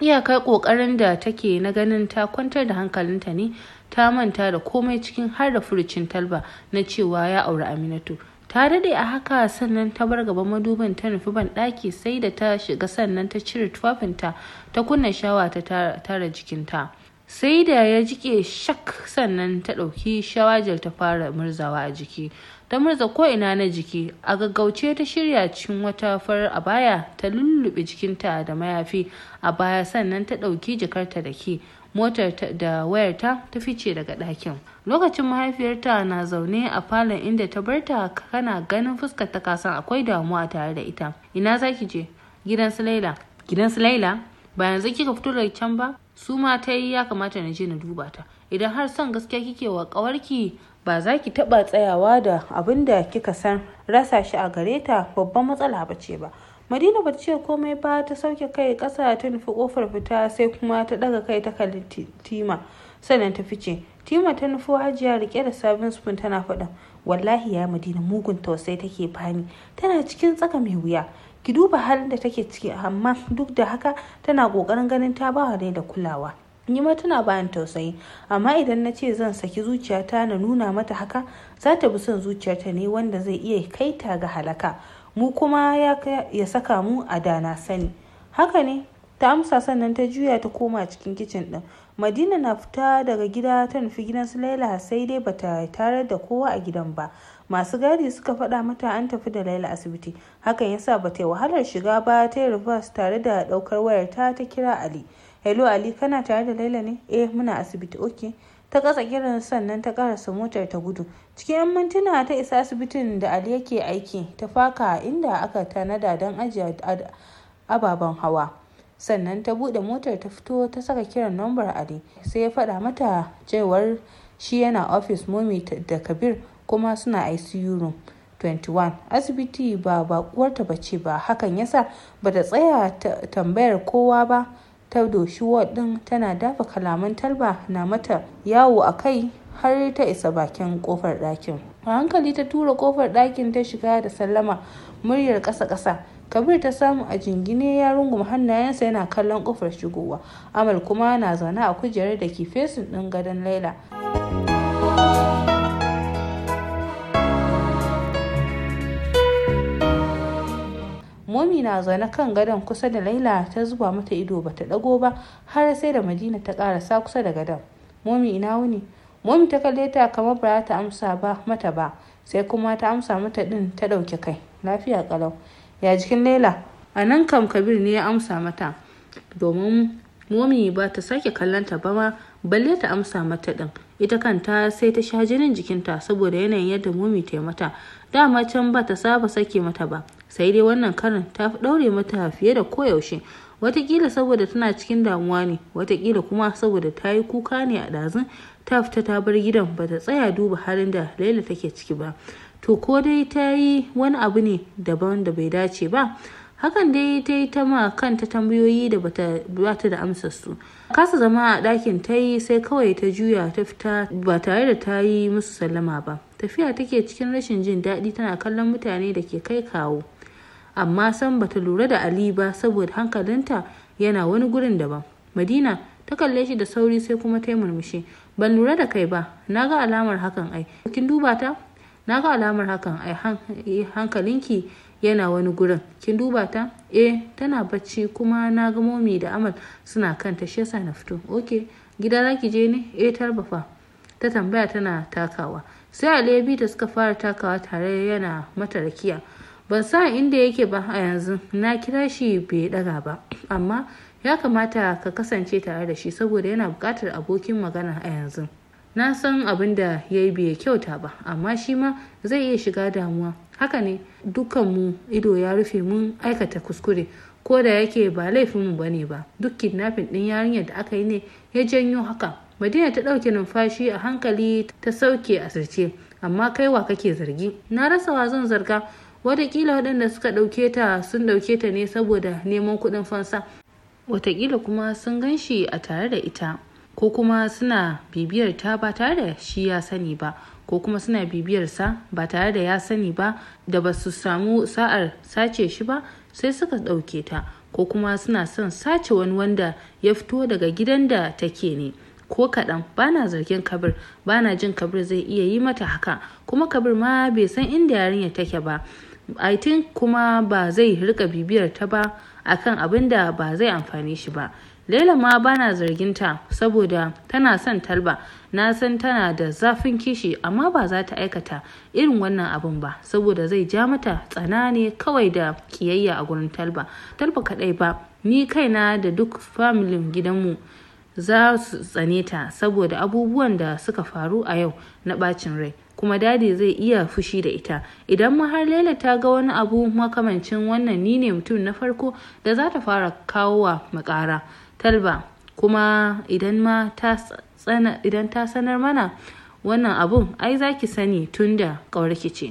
iyakar kokarin da take na ganin ta kwantar da hankalinta ne ta manta da komai cikin har da furucin talba na cewa ya auri aminatu ta daɗe a haka sannan ta bar gaba madubin ta nufi ban daki sai da ta shiga sannan ta cire tufafinta ta kunna shawa ta tara jikinta sai da ya jike shak sannan ta ɗauki shawajal ta fara murzawa a jiki ta murza ko ina na jiki a gaggauce ta shirya cikin wata farar baya ta lullube jikinta da mayafi a baya sannan ta ɗauki jakarta da ke motar da wayarta ta fice daga ɗakin lokacin mahaifiyarta na zaune a falon inda ta barta kana ganin fuskar ta kasan akwai damuwa tare da ita ina zaki je gidan su laila gidan su laila ba yanzu kika fito daga can ba su ma ta yi ya kamata na je na duba ta idan har son gaskiya kike wa kawarki ba za ki taɓa tsayawa da abin da kika san rasa shi a gare ta babban matsala ba ce ba madina ba ce komai ba ta sauke kai ƙasa ta nufi kofar fita sai kuma ta ɗaga kai ta kalli tima sannan ta fice tima ta nufi hajiya rike da sabon spoon tana faɗa wallahi ya madina mugun tausayi take fani tana cikin tsaka mai wuya ki duba halin da take ciki amma duk da haka tana ƙoƙarin ganin ta ba da kulawa ni ma tana bayan tausayi amma idan na ce zan saki zuciyata na nuna mata haka za ta bi son zuciyarta ne wanda zai iya kai ta ga halaka mu kuma ya saka mu a dana sani haka ne ta amsa sannan ta juya ta koma cikin kicin din madina na fita daga gida ta nufi gidan su laila sai dai ba ta tarar da kowa a gidan ba masu gadi suka faɗa mata an tafi da laila asibiti hakan yasa ba ta yi wahalar shiga ba ta yi reverse tare da ɗaukar wayar ta ta kira ali hello ali kana tare da laila ne eh muna asibiti ok ta kasa kiran sannan ta karasa motar ta gudu cikin 'yan mintuna ta isa asibitin da ali yake aiki ta faka inda aka tanada don ajiye ababen hawa sannan ta buɗe motar ta fito ta saka kiran nambar ali sai ya faɗa mata cewar shi yana ofis momi da kabir kuma suna ICU room 21 asibiti ba bakuwarta ba ce ba hakan yasa ba ta tsaya tambayar kowa ba ta doshi ɗin tana dafa kalaman talba na mata yawo a kai har ta isa bakin kofar ɗakin a hankali ta tura kofar ɗakin ta shiga da sallama muryar ƙasa-ƙasa kabir ta samu a jingine ya runguma hannayensa yana kallon kofar shigowa amal kuma na zaune a kujerar da ke fesin ɗin gadon laila momi na zaune kan gadon kusa da laila ta zuba mata ido bata dago ba har sai da madina ta kara sa kusa da gadon momi ina wuni momi ta kalle ta kamar ba ta amsa ba mata ba sai kuma ta amsa mata din ta ɗauke kai lafiya kalau ya jikin laila a nan kam kabir ne ya amsa mata domin momi ba ta sake kallonta ba ma balle ta amsa mata din ita kanta sai ta sha jinin jikinta saboda yanayin yadda momi ta mata dama can ba ta saba sake mata ba sai dai wannan karin ta fi ɗaure mata fiye da koyaushe watakila saboda tana cikin damuwa ne watakila kuma saboda ta yi kuka ne a ɗazun ta fita ta bar gidan ba ta tsaya duba halin da laila take ciki ba to ko dai ta yi wani abu ne daban da bai dace ba hakan dai ta yi ta ma kanta tambayoyi da bata ta da amsar su kasa zama a ɗakin ta yi sai kawai ta juya ta fita ba tare da ta yi musu sallama ba tafiya take cikin rashin jin daɗi tana kallon mutane da ke kai kawo amma san bata lura da ali ba saboda hankalinta yana wani gurin daban madina ta kalle shi da sauri sai kuma ta murmushi ban lura da kai ba na ga alamar hakan ai kin duba ta na ga alamar hakan ai eh, hankalinki yana wani gurin kin duba ta eh tana bacci kuma na ga momi da amal suna kanta shi yasa na fito oke gida za ki je ne eh tarbafa ta tambaya tana takawa sai alebi da suka fara takawa tare yana mata rakiya ban sa inda yake ba a yanzu na kira shi bai daga ba amma ya kamata ka kasance tare da shi saboda yana bukatar abokin magana a yanzu na san abin da ya yi bai kyauta ba amma shi ma zai iya shiga damuwa haka ne mu ido ya rufe mun aikata kuskure ko da yake ba laifinmu ba ne ba duk kidnapping ɗin yarinyar da aka yi ne ya janyo haka madina ta ɗauke numfashi a hankali ta sauke a sirce amma kaiwa kake zargi na rasa wa zan zarga watakila waɗanda suka ɗauke ta sun ɗauke ta ne saboda neman kuɗin fansa watakila kuma sun gan shi a tare da ita ko kuma suna bibiyar ta ba tare da shi ya sani ba ko kuma suna bibiyar sa ba tare da ya sani ba da ba su samu sa'ar sace shi ba sai suka ɗauke ta ko kuma suna son sace wani wanda ya fito daga gidan da take ne ko kaɗan bana zargin kabir bana jin kabir zai iya yi mata haka kuma kabir ma bai san inda yarinya take ba i think kuma ba zai rika bibiyar ta ba akan abin da ba zai amfani shi ba Laila ma bana zargin ta saboda tana son talba na san tana da zafin kishi amma ba za ta aikata irin wannan abin ba saboda zai ja mata tsana ne kawai da kiyayya a gurin talba talba kadai ba ni kaina da duk familin gidanmu za su tsane ta saboda abubuwan da suka faru a yau na bacin rai kuma dadi zai iya fushi da ita idan ma har laila ta ga wani abu makamancin wannan ni ne mutum na farko da za ta fara kawowa makara talba kuma idan ma ta idan ta sanar mana wannan abun ai za ki sani tunda ki ce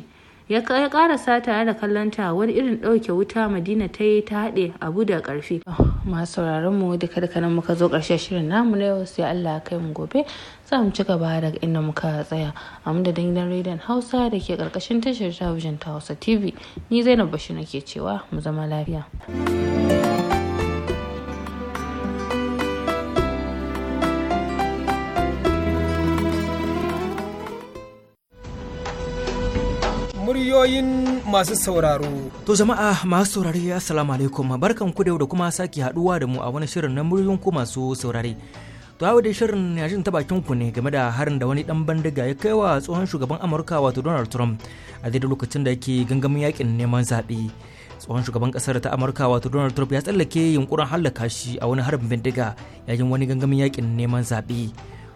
ya kara tare da kallon ta wani irin ɗauke wuta madina ta yi ta haɗe abu da ƙarfi ah, masu sauraron mu da kada nan muka zo karshe shirin namu na yau sai Allah kai mu gobe za mu ci gaba daga inda muka tsaya a da dangin rediyon hausa da ke karkashin tashar talabijin ta hausa tv ni zainab bashir nake cewa mu zama lafiya. muryoyin masu sauraro. To jama'a masu saurare assalamu alaikum barkan ku da da kuma sake haduwa da mu a wani shirin na muryoyin ku masu saurare. To yau shirin ya jin ta bakin ku ne game da harin da wani dan bandiga ya kai wa tsohon shugaban Amurka wato Donald Trump a daidai lokacin da yake gangamin yakin neman zaɓe. tsohon shugaban kasar ta amurka wato donald trump ya tsallake yunkurin hallaka shi a wani harbin bindiga yayin wani gangamin yakin neman zaɓe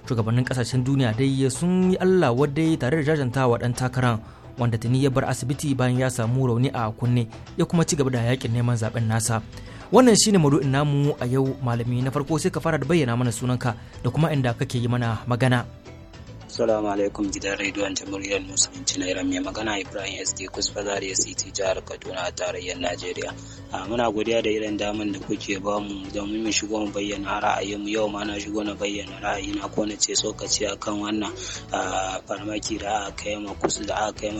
shugabannin kasashen duniya dai sun yi allah wadai tare da jajantawa dan takaran wanda tuni ya bar asibiti bayan ya samu rauni a kunne ya kuma ci gaba da yakin neman zaben nasa wannan shine maudu'in namu a yau malami na farko sai ka fara da bayyana mana sunanka da kuma inda kake yi mana magana Assalamu alaikum gidan rediyon jamhuriyar musulunci na Iran mai magana Ibrahim SD Kusfazari City jihar Kaduna a tarayyar Najeriya. A muna godiya da irin damar da kuke ba mu domin shigo mu bayyana ra'ayin mu yau ma na shigo na bayyana ra'ayi na ko na ce a kan wannan farmaki da aka kai ma kusa da aka kai ma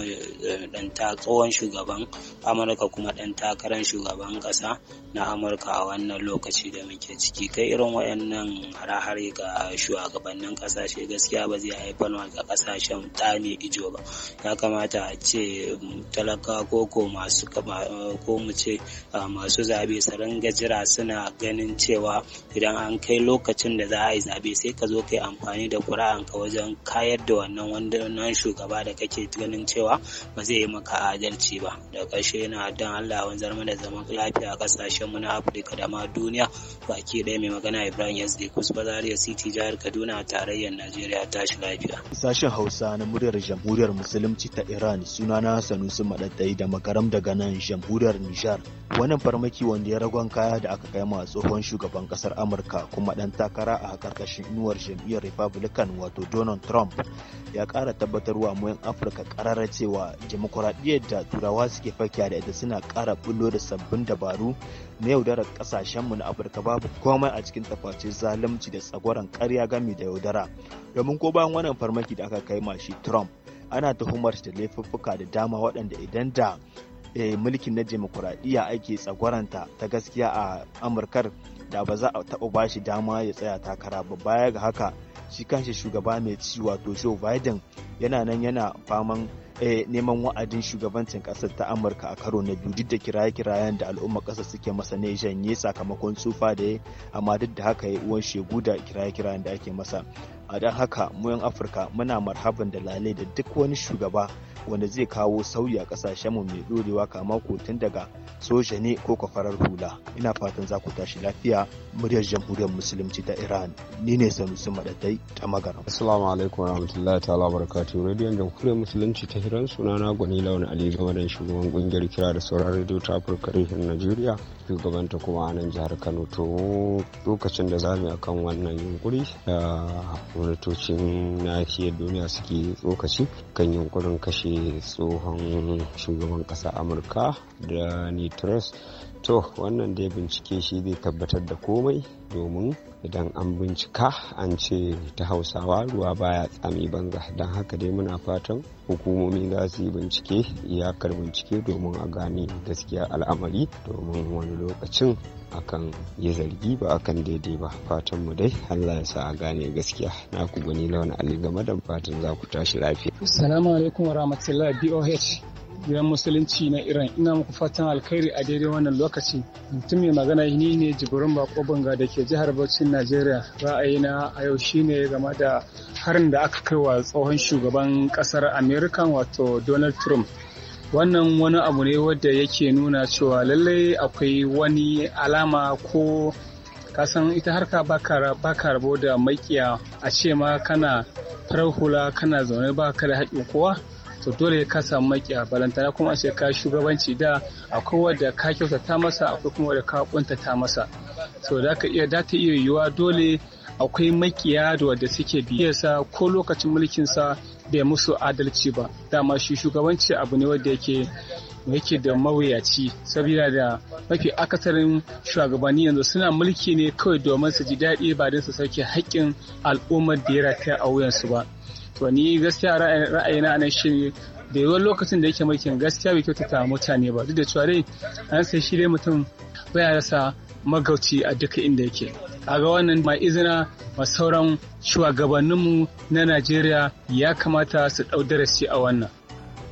dan eh, ta tsohon shugaban Amurka kuma dan takarar shugaban kasa na Amurka a wannan lokaci da muke ciki kai irin wayannan har hari ga shugabannin kasashe gaskiya ba zai haifa. kwakwalwa a kasashen tani ijo ba ya kamata a ce um, talaka ko ko masu uh, ko mu ce uh, masu zabe su gajira suna ganin cewa idan an kai lokacin da za a yi zabe sai ka zo kai amfani da ka wajen kayar da wannan wannan shugaba da kake ganin cewa ba zai yi maka adalci ba da ƙarshe na dan Allah zarma da zaman lafiya a kasashen mu na Afirka da ma duniya baki ɗaya mai magana Ibrahim Yazdi Kusba Zaria City jihar Kaduna tarayyar Najeriya tashi lafiya gida. Sashen Hausa na muryar Jamhuriyar Musulunci ta Iran sunana Sanusi madadai da makaram daga nan Jamhuriyar Nijar. Wannan farmaki wanda ya ragon kaya da aka kai ma tsohon shugaban kasar Amurka kuma dan takara a karkashin inuwar jam'iyyar Republican wato Donald Trump ya kara tabbatarwa muyan Afirka kararra cewa demokuraɗiyyar da Turawa suke fakiya da ita suna kara bullo da sabbin dabaru na yaudarar kasashenmu na afirka babu komai a cikin taface zalunci da tsagwaron karya gami da yaudara domin ko bayan wannan farmaki da aka kai mashi trump ana tuhumar da laifuffuka da dama waɗanda idan da eh, mulkin na demokuraɗiyya ake tsagwaranta ta gaskiya a amurkar da ba za a taɓa bashi dama ya tsaya takara ba baya ga haka shi kanshi shugaba mai ci wato Joe Biden yana nan yana faman eh, neman wa'adin shugabancin kasar ta amurka a karo na biyu duk da kiraye-kirayen da al'ummar kasa suke masa ne janye sakamakon tsufa da ya amma duk da haka ya uwan shegu da kiraye-kirayen da ake masa a don haka mu afirka muna marhaban da lale da duk wani shugaba wanda zai kawo sauyi a kasashenmu mai dorewa kama ko tun daga soja ne ko kwafarar hula ina fatan za ku tashi lafiya muryar jamhuriyar musulunci ta iran ni ne sanusi madadai ta magana assalamu alaikum warahmatullahi ta'ala to radiyon jamhuriyar musulunci ta iran sunana gwani launi ali gamadan shugaban kungiyar kira da sauran rediyo ta afirka reshen najeriya shugabanta kuma a nan jihar kano to lokacin da za mu kan wannan yunkuri da ah, gwamnatocin nahiyar duniya suke tsokaci kan yunkurin kashe tsohon shugaban ƙasa amurka da ni to wannan dai bincike shi zai tabbatar da komai domin idan an bincika an ce ta hausawa ruwa baya tsami banza don haka dai muna fatan hukumomi za su yi bincike iyakar bincike domin a gane gaskiya al'amari domin wani lokacin akan ya zargi ba akan daidai ba fatan mu dai Allah ya sa a gane gaskiya na ku gani wani alli game da fatan za ku tashi lafiya assalamu alaikum warahmatullahi BOH gidan musulunci na Iran ina muku fatan alkhairi a daidai wannan lokaci mutum mai magana ni ne jibrin bako banga da ke jihar Bauchin Najeriya ra'ayina a yau shine game da harin da aka kai wa tsohon shugaban kasar America wato Donald Trump wannan wani abu ne wadda yake nuna cewa lallai akwai wani alama ko kasan ita harka baka rabo da makiya a ce ma kana farar hula kana zaune ba ka da haƙƙin kowa to dole ka samu makiya balantana kuma a ce ka shugabanci da akwai wadda ka kyautata masa akwai kuma wadda ka kuntata masa to da ka iya da ta iya yiwuwa dole akwai maƙiya da wadda suke biyarsa ko lokacin mulkinsa bai musu adalci ba dama shi shugabanci abu ne wanda yake yake da mawuyaci saboda da mafi akasarin shugabanni yanzu suna mulki ne kawai domin su ji daɗi ba don su sauke haƙƙin al'ummar da ya rataya a wuyansu ba to ni gaskiya ra'ayina nan shi da yawan lokacin da yake mulkin gaskiya bai kyautata mutane ba duk da cewa dai an sai shi dai mutum baya rasa magauci a duka inda yake kaga wannan mai izina ma sauran shugabanninmu na najeriya ya kamata su ɗau darasi a wannan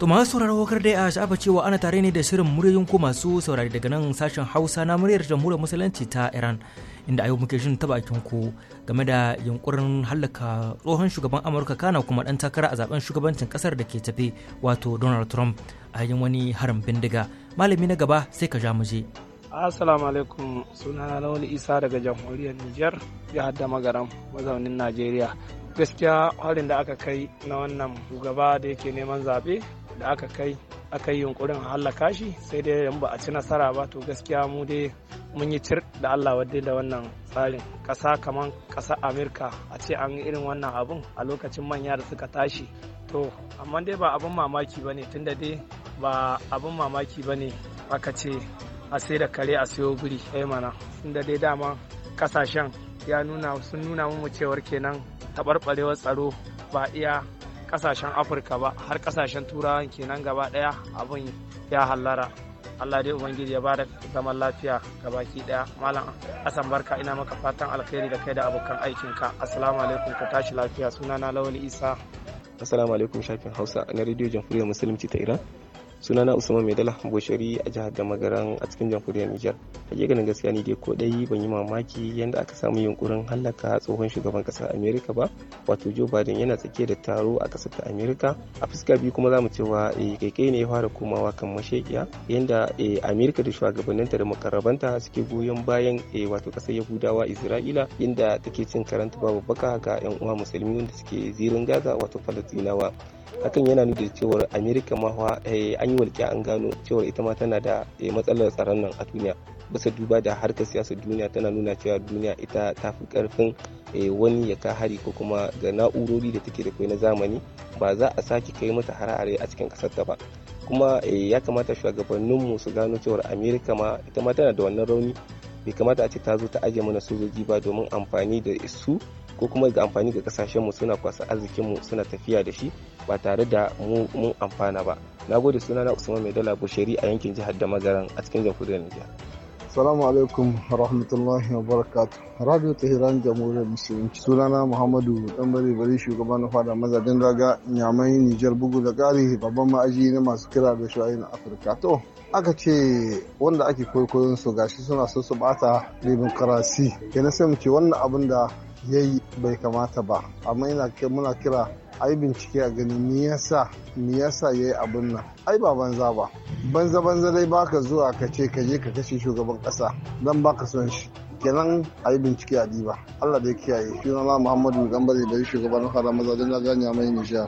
to masu sauraron wakar dai a shafa cewa ana tare ne da shirin muryoyin ko masu saurari daga nan sashen hausa na muryar jamhuriyar musulunci ta iran inda a yau muke shirin ta bakin ku game da yunkurin hallaka tsohon shugaban amurka kana kuma dan takara a zaben shugabancin kasar da ke tafe wato donald trump a yayin wani harin bindiga malami na gaba sai ka ja mu je. Assalamu alaikum na wani Isa daga jamhuriyar Nijar jihar da magaram mazaunin Najeriya. Gaskiya harin da aka kai na wannan shugaba da yake neman zaɓe da aka kai aka yi yunkurin hallaka shi sai dai yan ba a ci nasara ba to gaskiya mu dai mun yi cir da Allah wadda da wannan tsarin kasa kamar kasa Amerika a ce an yi irin wannan abun a lokacin manya da suka tashi to amma dai ba abun mamaki ba ne tunda dai ba abun mamaki ba ne aka ce a sai da kare a siyo guri ai eh mana inda dai dama kasashen ya nuna sun nuna mu cewar kenan taɓarɓarewar tsaro ba iya kasashen afirka ba har kasashen turawan kenan gaba ɗaya abin ya hallara Allah dai Ubangiji ya bada zaman lafiya ga baki daya. Malam asan barka ina maka fatan alkhairi da kai da abokan aikinka. Assalamu alaikum ka tashi lafiya sunana Lawal Isa. Assalamu alaikum shafin Hausa na Radio Jamhuriyar Musulunci ta Iran. sunana usman maidala boshari a jihar da magaran a cikin jamhuriyar niger ganin gaskiya ni dai ko dai ban yi mamaki yadda aka samu yunkurin hallaka tsohon shugaban kasar america ba wato joe biden yana tsake da taro a kasar ta america a fuska biyu kuma zamu cewa eh, kaikai ne ya fara komawa kan mashekiya yadda eh, america da shugabanninta da makarabanta suke goyon bayan eh, wato kasar yahudawa isra'ila inda take cin karanta babu baka ga yan uwa musulmi wanda suke zirin gaza wato falastinawa hakan yana nuna cewar america ma an yi walƙiya an gano cewar ita ma tana da eh, matsalar tsaron nan a duniya basa duba da harkar siyasar duniya tana nuna cewa duniya ita ta fi karfin eh, wani ya ka hari ko kuma ga na'urori da take da kai na zamani ba za a sake kai mata harare a cikin kasar ta ba kuma eh, ya kamata shugabanninmu su gano cewar amerika ma ita ma tana da wannan rauni bai kamata a ce ta zo ta ajiye mana sojoji ba domin amfani da su ko kuma ga amfani ga kasashenmu suna kwasa arzikinmu suna tafiya da shi ba tare da mu amfana ba na gode suna na usman mai dala bushari a yankin jihar da magaran a cikin jamhuriyar nijar Salamu alaikum rahmatullahi wa barakatu. Radio Tehran Jamhuriyar Musulunci. Sunana Muhammadu Dan Bari Bari shugaban na fada mazajen raga Nyamai Nijar bugu da ƙari babban ma'aji na masu kira da shuwayi na Afirka. To, aka ce wanda ake kwaikwayon su gashi suna so su bata demokarasi. na sai mu ce wannan abin da ya yi bai kamata ba amma ina muna kira ai bincike a gani me yasa me yasa ya yi abin nan ai ba banza ba banza banza dai baka zuwa ka ce ka je ka kashe shugaban kasa dan baka son shi kenan a yi bincike a diba allah da ya kiyaye na muhammadu gambari da shugaban hada mazajen na ganya mai nishiyar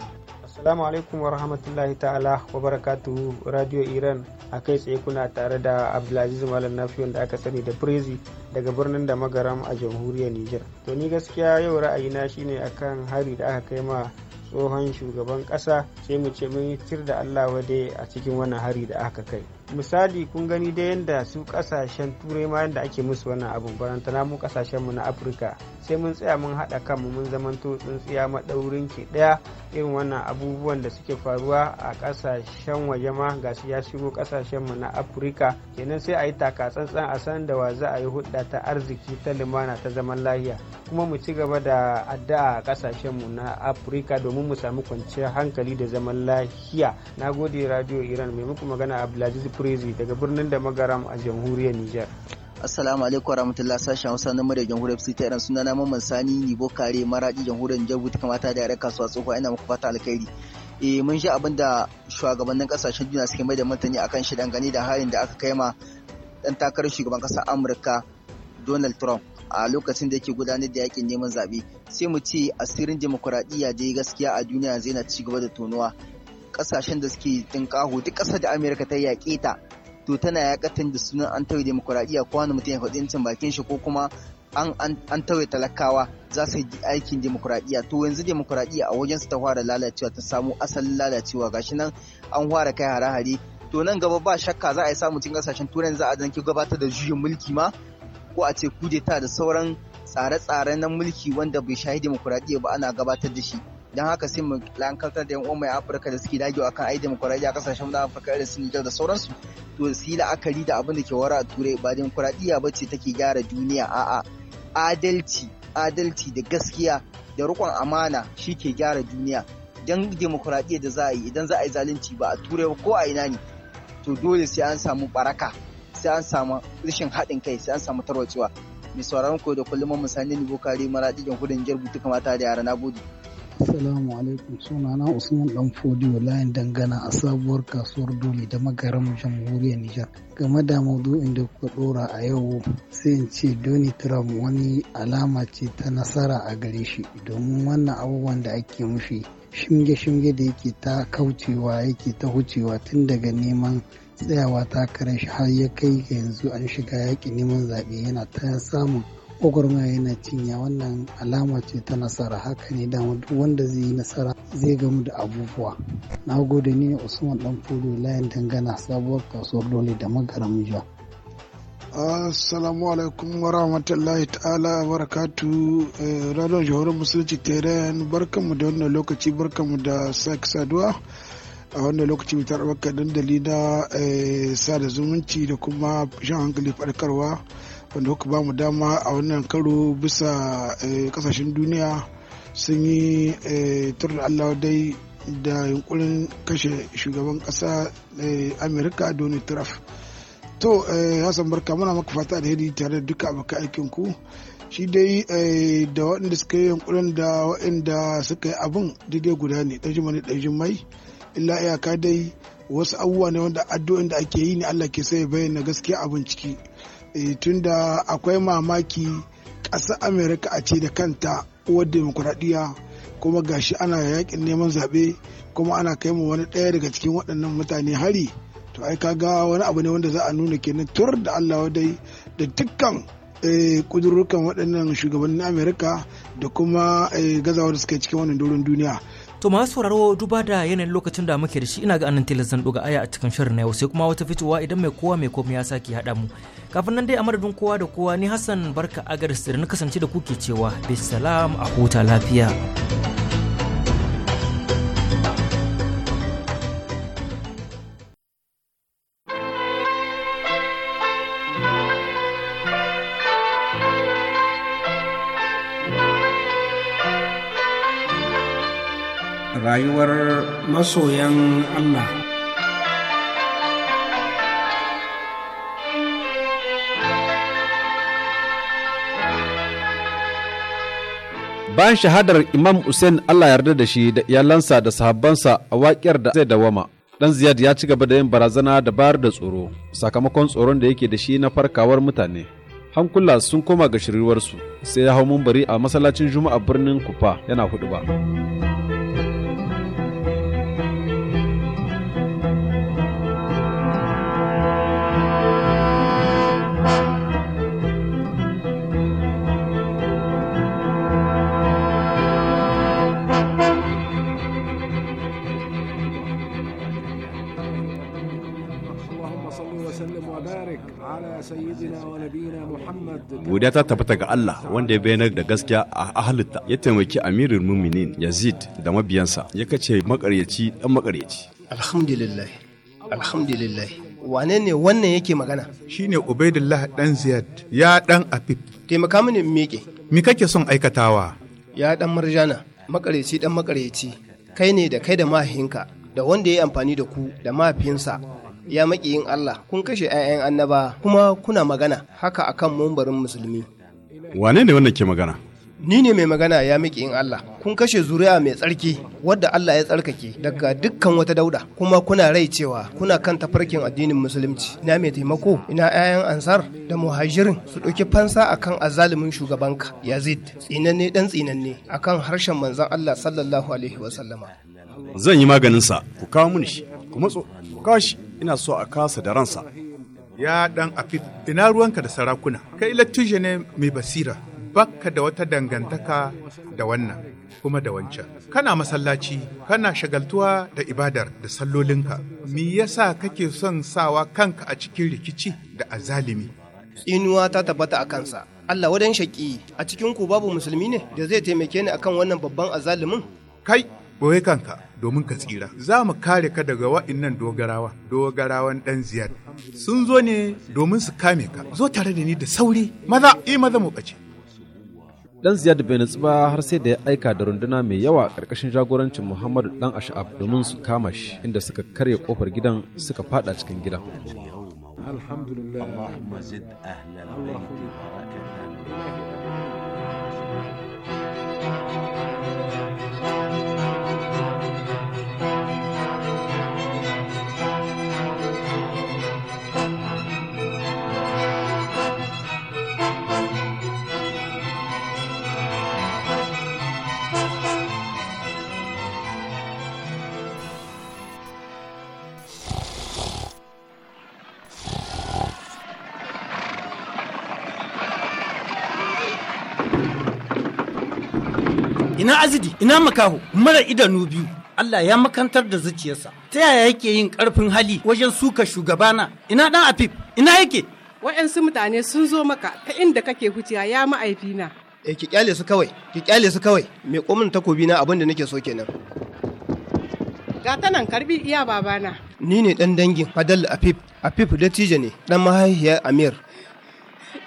Assalamu alaikum wa rahmatullahi ta'ala wa barakatu Radio Iran a kai tsaye kuna tare da Abdulaziz Malam Nafi wanda aka sani da Prezi daga birnin da magaram a jamhuriyar Nijar. To ni gaskiya yau ra'ayina shine akan hari da aka kai ma tsohon shugaban ƙasa sai mu ce mun yi tir da Allah wade a cikin wannan hari da aka kai. misali kun gani da yadda su kasashen turai ma yadda ake musu wannan abu barantana mu kasashen mu na afirka sai mun tsaya mun haɗa kanmu mun zamanto tsuntsiya maɗaurin ke ɗaya irin wannan abubuwan da suke faruwa a kasashen waje ma ga su ya shigo kasashen mu na afirka kenan sai a yi taka tsantsan a san da wa za a yi hudda ta arziki ta limana ta zaman lahiya kuma mu ci gaba da addu'a a kasashen mu na afirka domin mu samu kwanciyar hankali da zaman lahiya na gode radio iran mai muku magana abdulaziz Prezi daga birnin da magaram a jamhuriyar Nijar. Assalamu alaikum warahmatullahi sashen Hausa na murya jamhuriyar Fusi ta na Mamman Sani Nibo Kare Maradi jamhuriyar Nijar ta kamata da yare kasuwa tsohuwa ina muku fata alkhairi. Eh mun ji abin da shugabannin kasashen duniya suke mai da martani akan shi dangane da harin da aka kai ma dan takarar shugaban kasar Amurka Donald Trump a lokacin da yake gudanar da yakin neman zaɓe sai mu ce asirin demokuraɗiyya dai gaskiya a duniya zai na ci gaba da tonuwa kasashen da suke tinkaho duk kasar da Amerika ta yaƙe ta to tana yaƙatan da sunan an tauye demokuraɗiyya ko wani mutum ya faɗi yancin bakin shi ko kuma an tauye talakawa za su yi aikin demokuraɗiyya to yanzu demokuraɗiyya a wajen su ta fara lalacewa ta samu asalin lalacewa gashi nan an fara kai hare-hare to nan gaba ba shakka za a yi samun cikin kasashen turai za a zanki gabatar da juyin mulki ma ko a ce kudeta da sauran tsare-tsare na mulki wanda bai shahi demokuraɗiyya ba ana gabatar da shi don haka sai mu lankarta da yan uwan mai afirka da suke dagewa kan ai a kasashen da afirka irin su nijar da sauransu to su yi la'akari da abin da ke wara a turai ba demokuraɗiyya ba ce take gyara duniya a'a adalci adalci da gaskiya da rikon amana shi ke gyara duniya don demokuraɗiyya da za a yi idan za a yi zalunci ba a turai ba ko a ina ne to dole sai an samu baraka sai an samu rashin haɗin kai sai an samu tarwatsewa mai sauraron ko da kullum mun sani ne bukari maradi gudun jirgi tuka mata da yara na gudu Assalamu alaikum sunana Usman Dan Fodiyo layin dangana a sabuwar kasuwar dole da magaran jamhuriyar Nijar. Game da maudu'in da kuka dora a yau sai in ce Doni Trump wani alama ce ta nasara a gare shi domin wannan abubuwan da ake mushi shinge-shinge da yake ta kaucewa yake ta hucewa tun daga neman tsayawa takarar shi har ya kai ga yanzu an shiga yaƙi neman zaɓe yana ta samun gwagwarmaya yana cinya wannan alama ce ta nasara haka ne dama duk wanda zai yi nasara zai gamu da abubuwa na gode ne usman dan fudu layin dangana sabuwar kasuwar dole da magaram jiya assalamu alaikum wa rahmatullahi ta'ala wa barakatu eh, radon jihohar musulunci barkan barkanmu da wannan lokaci mu da sake saduwa a wannan lokaci mutar tarbar dandali na eh, da zumunci da kuma shan hankali faɗakarwa wanda kuka ba mu dama a wannan karo bisa eh, kasashen duniya sun yi eh, tur da allah dai da yunkurin kashe shugaban kasa eh, amerika donald trump to hassan barka muna maka fata hedi tare da duka abokan aikin ku shi dai da waɗanda suka yi yunkurin da waɗanda suka yi abin daidai guda ne ɗan mai ɗan illa iyaka dai wasu abubuwa ne wanda addu'in da ake yi ne allah ke sai bayyana gaskiya abin ciki Eh, tunda akwai mamaki ƙasar amerika a ce da kanta uwar demokuraɗiyya kuma gashi ana yakin neman zaɓe kuma ana kai mu wani ɗaya daga cikin waɗannan mutane hari to ai ga wani abu ne wanda za a nuna kenan tur da allah dai da dukkan kudurrukan eh, waɗannan shugabannin amerika da kuma eh, gazawar suka cikin wannan doron duniya To masu sauraro duba da yanayin lokacin da muke da shi ina ga anan tilastan zan doga aya a cikin shirin na yau sai kuma wata fitowa idan mai kowa mai komai ya sake haɗa mu. Kafin nan dai a madadin kowa da kowa ni Hassan Barka Agaris da na kasance da kuke cewa bisalam a huta lafiya. rayuwar masoyan Allah. Bayan shahadar Imam Hussein Allah yarda da shi da iyalansa da sahabbansa a waƙiyar da zai dawama, ɗan Ziyad ya ci gaba da yin barazana da bayar da tsoro, sakamakon tsoron da yake da shi na farkawar mutane. hankula sun koma ga shirirwarsu, sai ya hau mumbari a masallacin juma'a birnin kufa yana hudu ba. godiya ta tabbata ga Allah wanda ya bayyana da gaskiya a ahalitta ya taimaki amirulmuminin muminin Yazid da mabiyansa ya kace makaryaci dan makaryaci alhamdulillah alhamdulillah wane ne wannan yake magana shine ubaidullah dan ziyad ya dan afif taimaka mini miƙe me kake son aikatawa ya dan marjana makaryaci dan makaryaci kai ne da kai da mahinka da wanda ya yi amfani da ku da mahaifinsa ya maƙiyin Allah kun kashe 'ya'yan annaba kuma kuna magana haka akan mumbarin musulmi wane ne wannan ke magana ni ne mai magana ya maƙiyin Allah kun kashe zuriya mai tsarki wadda Allah ya tsarkake daga dukkan wata dauda kuma kuna rai cewa kuna kan tafarkin addinin musulunci ina mai taimako ina 'ya'yan ansar da muhajirin su ɗauki fansa akan azalimin shugabanka yazid tsinanne dan tsinanne akan harshen manzon Allah sallallahu alaihi wasallama zan yi maganinsa ku kawo mini shi ku matso ku kawo shi ina so a kasa da ransa. Ya ɗan afif, ina ruwanka da sarakuna, kai latuje ne mai basira, bakka da wata dangantaka da wannan kuma da wancan. Kana masallaci, kana shagaltuwa da ibadar da sallolinka, me yasa kake son sawa kanka a cikin rikici da azalimi? Inuwa ta tabbata a kansa. Allah wadan shaƙi a cikin ku babu musulmi ne da zai taimake ni akan wannan babban azalimin? Kai, boye kanka, domin ka tsira za mu kare ka daga wa'innan dogarawa dogarawan ɗan ziyar sun zo ne domin su kame ka zo tare da ni da sauri maza i maza mu ɓace dan ziyad bai nutsu ba har sai da ya aika da runduna mai yawa ƙarƙashin jagorancin muhammadu dan ash'ab domin su kama shi inda suka karya ƙofar gidan suka faɗa cikin gidan alhamdulillah ina azidi ina makaho mara idanu biyu Allah ya makantar da zuciyarsa ta yaya yake yin karfin hali wajen suka shugabana ina dan afif ina yake wa'yansu mutane sun zo maka ta inda kake huciya ya ma'aifina e ki kyale su kawai ki kyale su kawai me komin takobi na abin da nake so kenan ga ta nan karbi iya babana ni ne dan dangin fadal afif afif dattijo ne dan mahaihiyar amir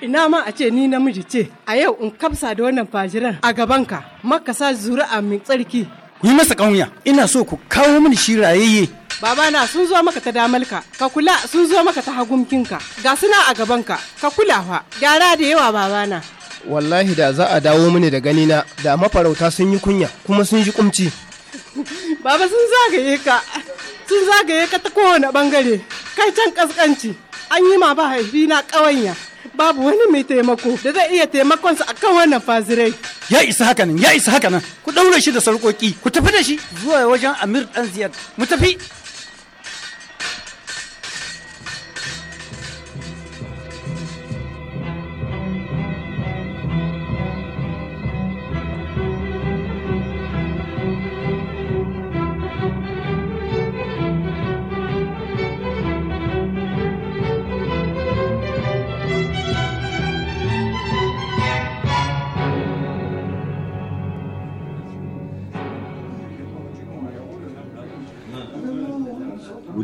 ina ma a ce ni namiji ce a yau in kamsa da wannan fajiran a gabanka maka sa zuri'a mai tsarki ku yi masa ƙauya ina so ku kawo mini shi rayayye babana sun zo maka ta damalka ka kula sun zo maka ta hagumkinka ga suna a gabanka ka kula fa gyara da yawa babana wallahi da za a dawo mini da ganina da mafarauta sun yi kunya kuma sun yi kumci baba sun zagaye ka sun zagaye ka ta kowane bangare kai can kaskanci an yi ma ba haifi na ƙawanya babu wani mai taimako da zai iya taimakonsa sa akan wannan fazirai ya isa haka nan ya isa haka nan ku daure shi da sarkoki ku tafi da shi zuwa wajen Amir dan Ziyad mu tafi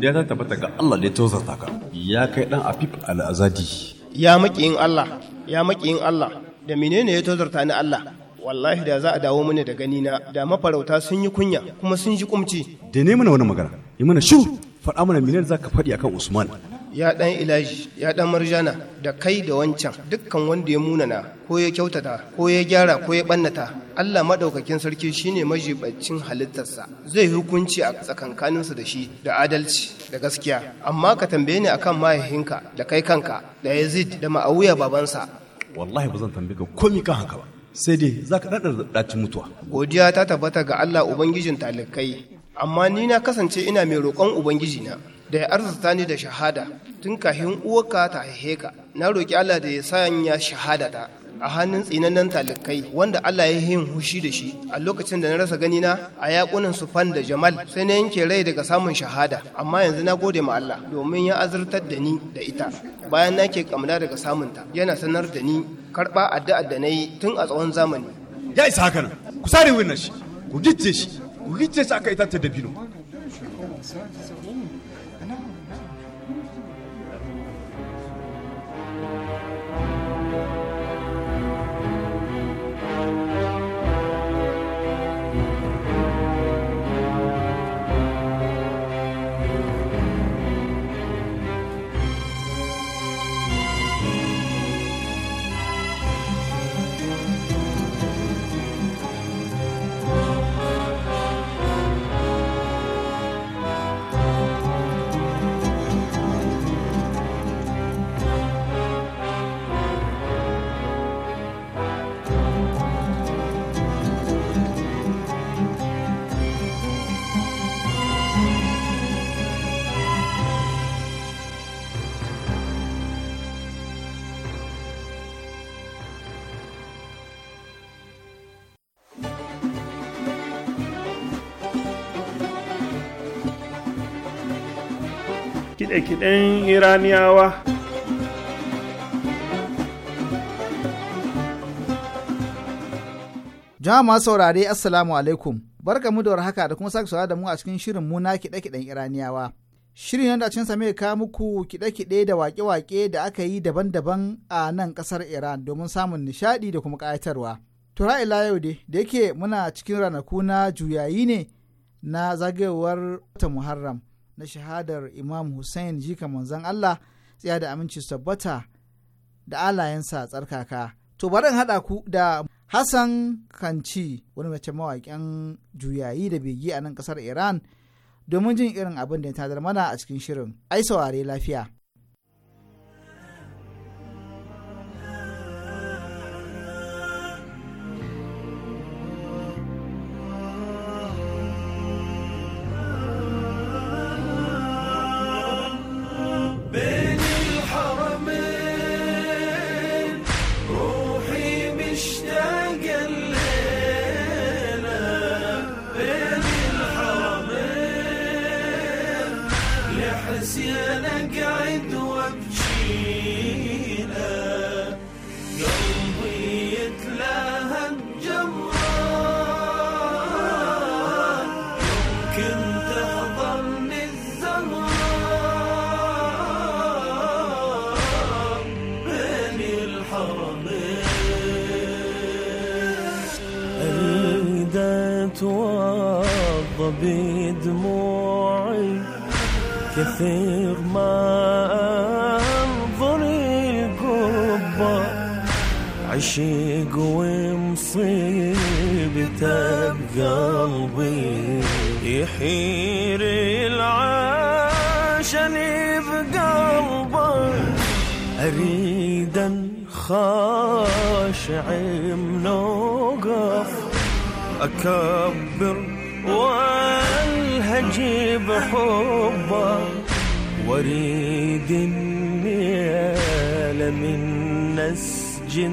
godiya ta tabbata ga Allah da ya tozarta ka ya kai dan afif al-azadi ya makiyin Allah ya makiyin Allah da menene ya tozarta ni Allah wallahi da za a dawo mini da gani na da mafarauta sun yi kunya kuma sun ji kumci da ne mana wani magana yi mana shiru faɗa mana menene ka faɗi akan Usman ya ɗan ilaji ya ɗan marjana da kai da wancan dukkan wanda ya munana ko ya kyautata ko ya gyara ko ya ɓannata Allah maɗaukakin sarki shine majibaccin halittarsa zai hukunci a tsakankaninsa da shi da adalci da gaskiya amma ka tambaye ni akan mahaihinka da kai kanka da Yazid da ma'auya babansa wallahi ba zan tambaye ka komai kan haka ba sai dai za ka da ɗacin mutuwa. Godiya ta tabbata ga Allah Ubangijin talikai, amma ni na kasance ina mai roƙon na. da ya arzuta ni da shahada tun kahin uwaka ta haihe ka na roƙi Allah da ya sanya shahada ta a hannun tsinannen talikai wanda Allah ya yin hushi da shi a lokacin da na rasa ganina a yakunan sufan da jamal sai na yanke rai daga samun shahada amma yanzu na gode ma Allah domin ya azurtar da ni da ita bayan na ke kamna daga samunta yana sanar da ni karɓa addu'a da na yi tun a tsawon zamani ya isa haka nan ku sare wannan shi ku gicce shi ku gicce shi aka ita ta dabino kide-kiden iraniyawa jama'a saurare assalamu alaikum barka mu da warhaka da kuma sake saurara da mu a cikin shirin mu na kiɗe iraniyawa shirin yadda cin same ka muku kide kiɗe da waƙe-waƙe da aka yi daban-daban a nan ƙasar iran domin samun nishaɗi da kuma ƙayatarwa tura ila yau dai da yake muna cikin ranaku na juyayi ne na zagayowar watan muharram na shahadar imam hussein jika manzon allah tsaya da aminci tabbata da alayensa tsarkaka to bari hada ku da hassan kanci wani mace mawaƙin juyayi da bege a nan ƙasar iran domin jin irin abin da ya tadar mana a cikin shirin ai saurare lafiya نسيانك قاعد وبجينا قلبي يتلهب جمران يمكن تحضرني الزمران بين الحرمين الدا توضى بيه كثير ما انظر القبة عشيق ومصيبته بقلبي يحير العشن بقلبه اريد خاشع منوقف أكب اجيب حبك واريد النيال من نسج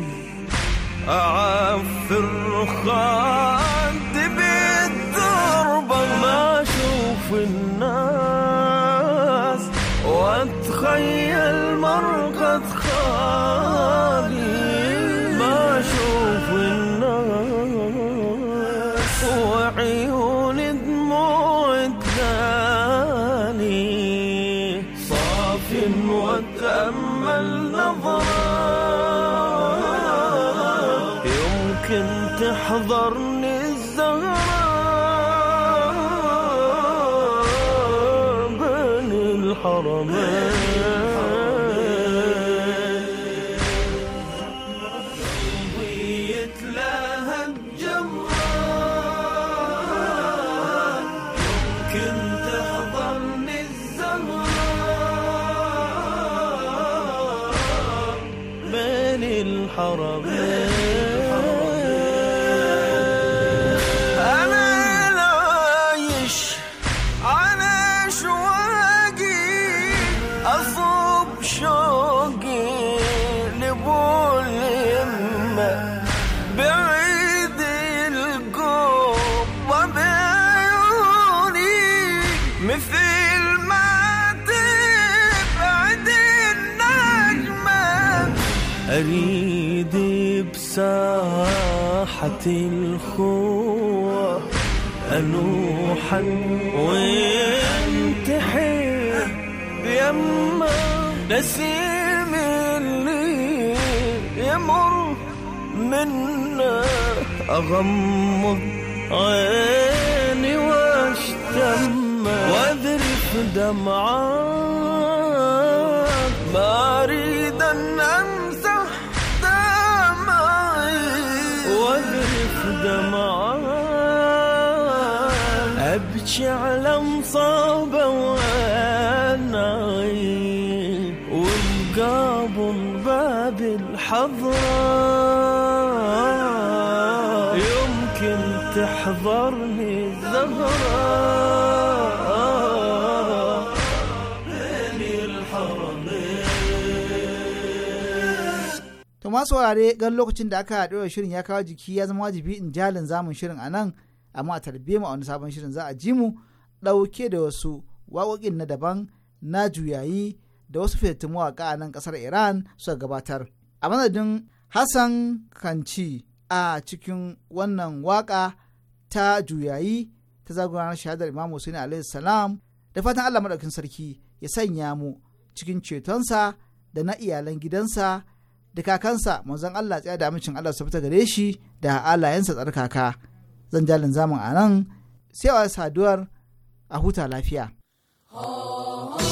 اعفر خدي بالتربه ما اشوف الناس واتخيل ساحة الخوة أنوحا وانتحي بيما نسيم اللي يمر منا أغمض عيني واشتم وأذرف دمعات ما أريد أن شعلة مصابة والنعيم والقابل باب الحضرة يمكن تحضرني الزهرة masu wurare gan lokacin da aka haɗu da shirin ya kawo jiki ya zama wajibi in jalin zamun shirin a nan amma a tarbe mu a wani sabon shirin za a ji mu ɗauke da wasu waƙoƙin na daban na juyayi da wasu fitattun mawaƙa a nan ƙasar iran suka gabatar a madadin hassan kanci a cikin wannan waƙa ta juyayi ta zagoranar shahadar imam Hussein alaihi salam da fatan allah maɗaukin sarki ya sanya mu cikin cetonsa da na iyalan gidansa da kakansa manzon allah tsaya da amincin allah su fita gare shi da alayensa tsarkaka. zan jalin zamun a nan sai a saduwar a huta lafiya. Oh, oh.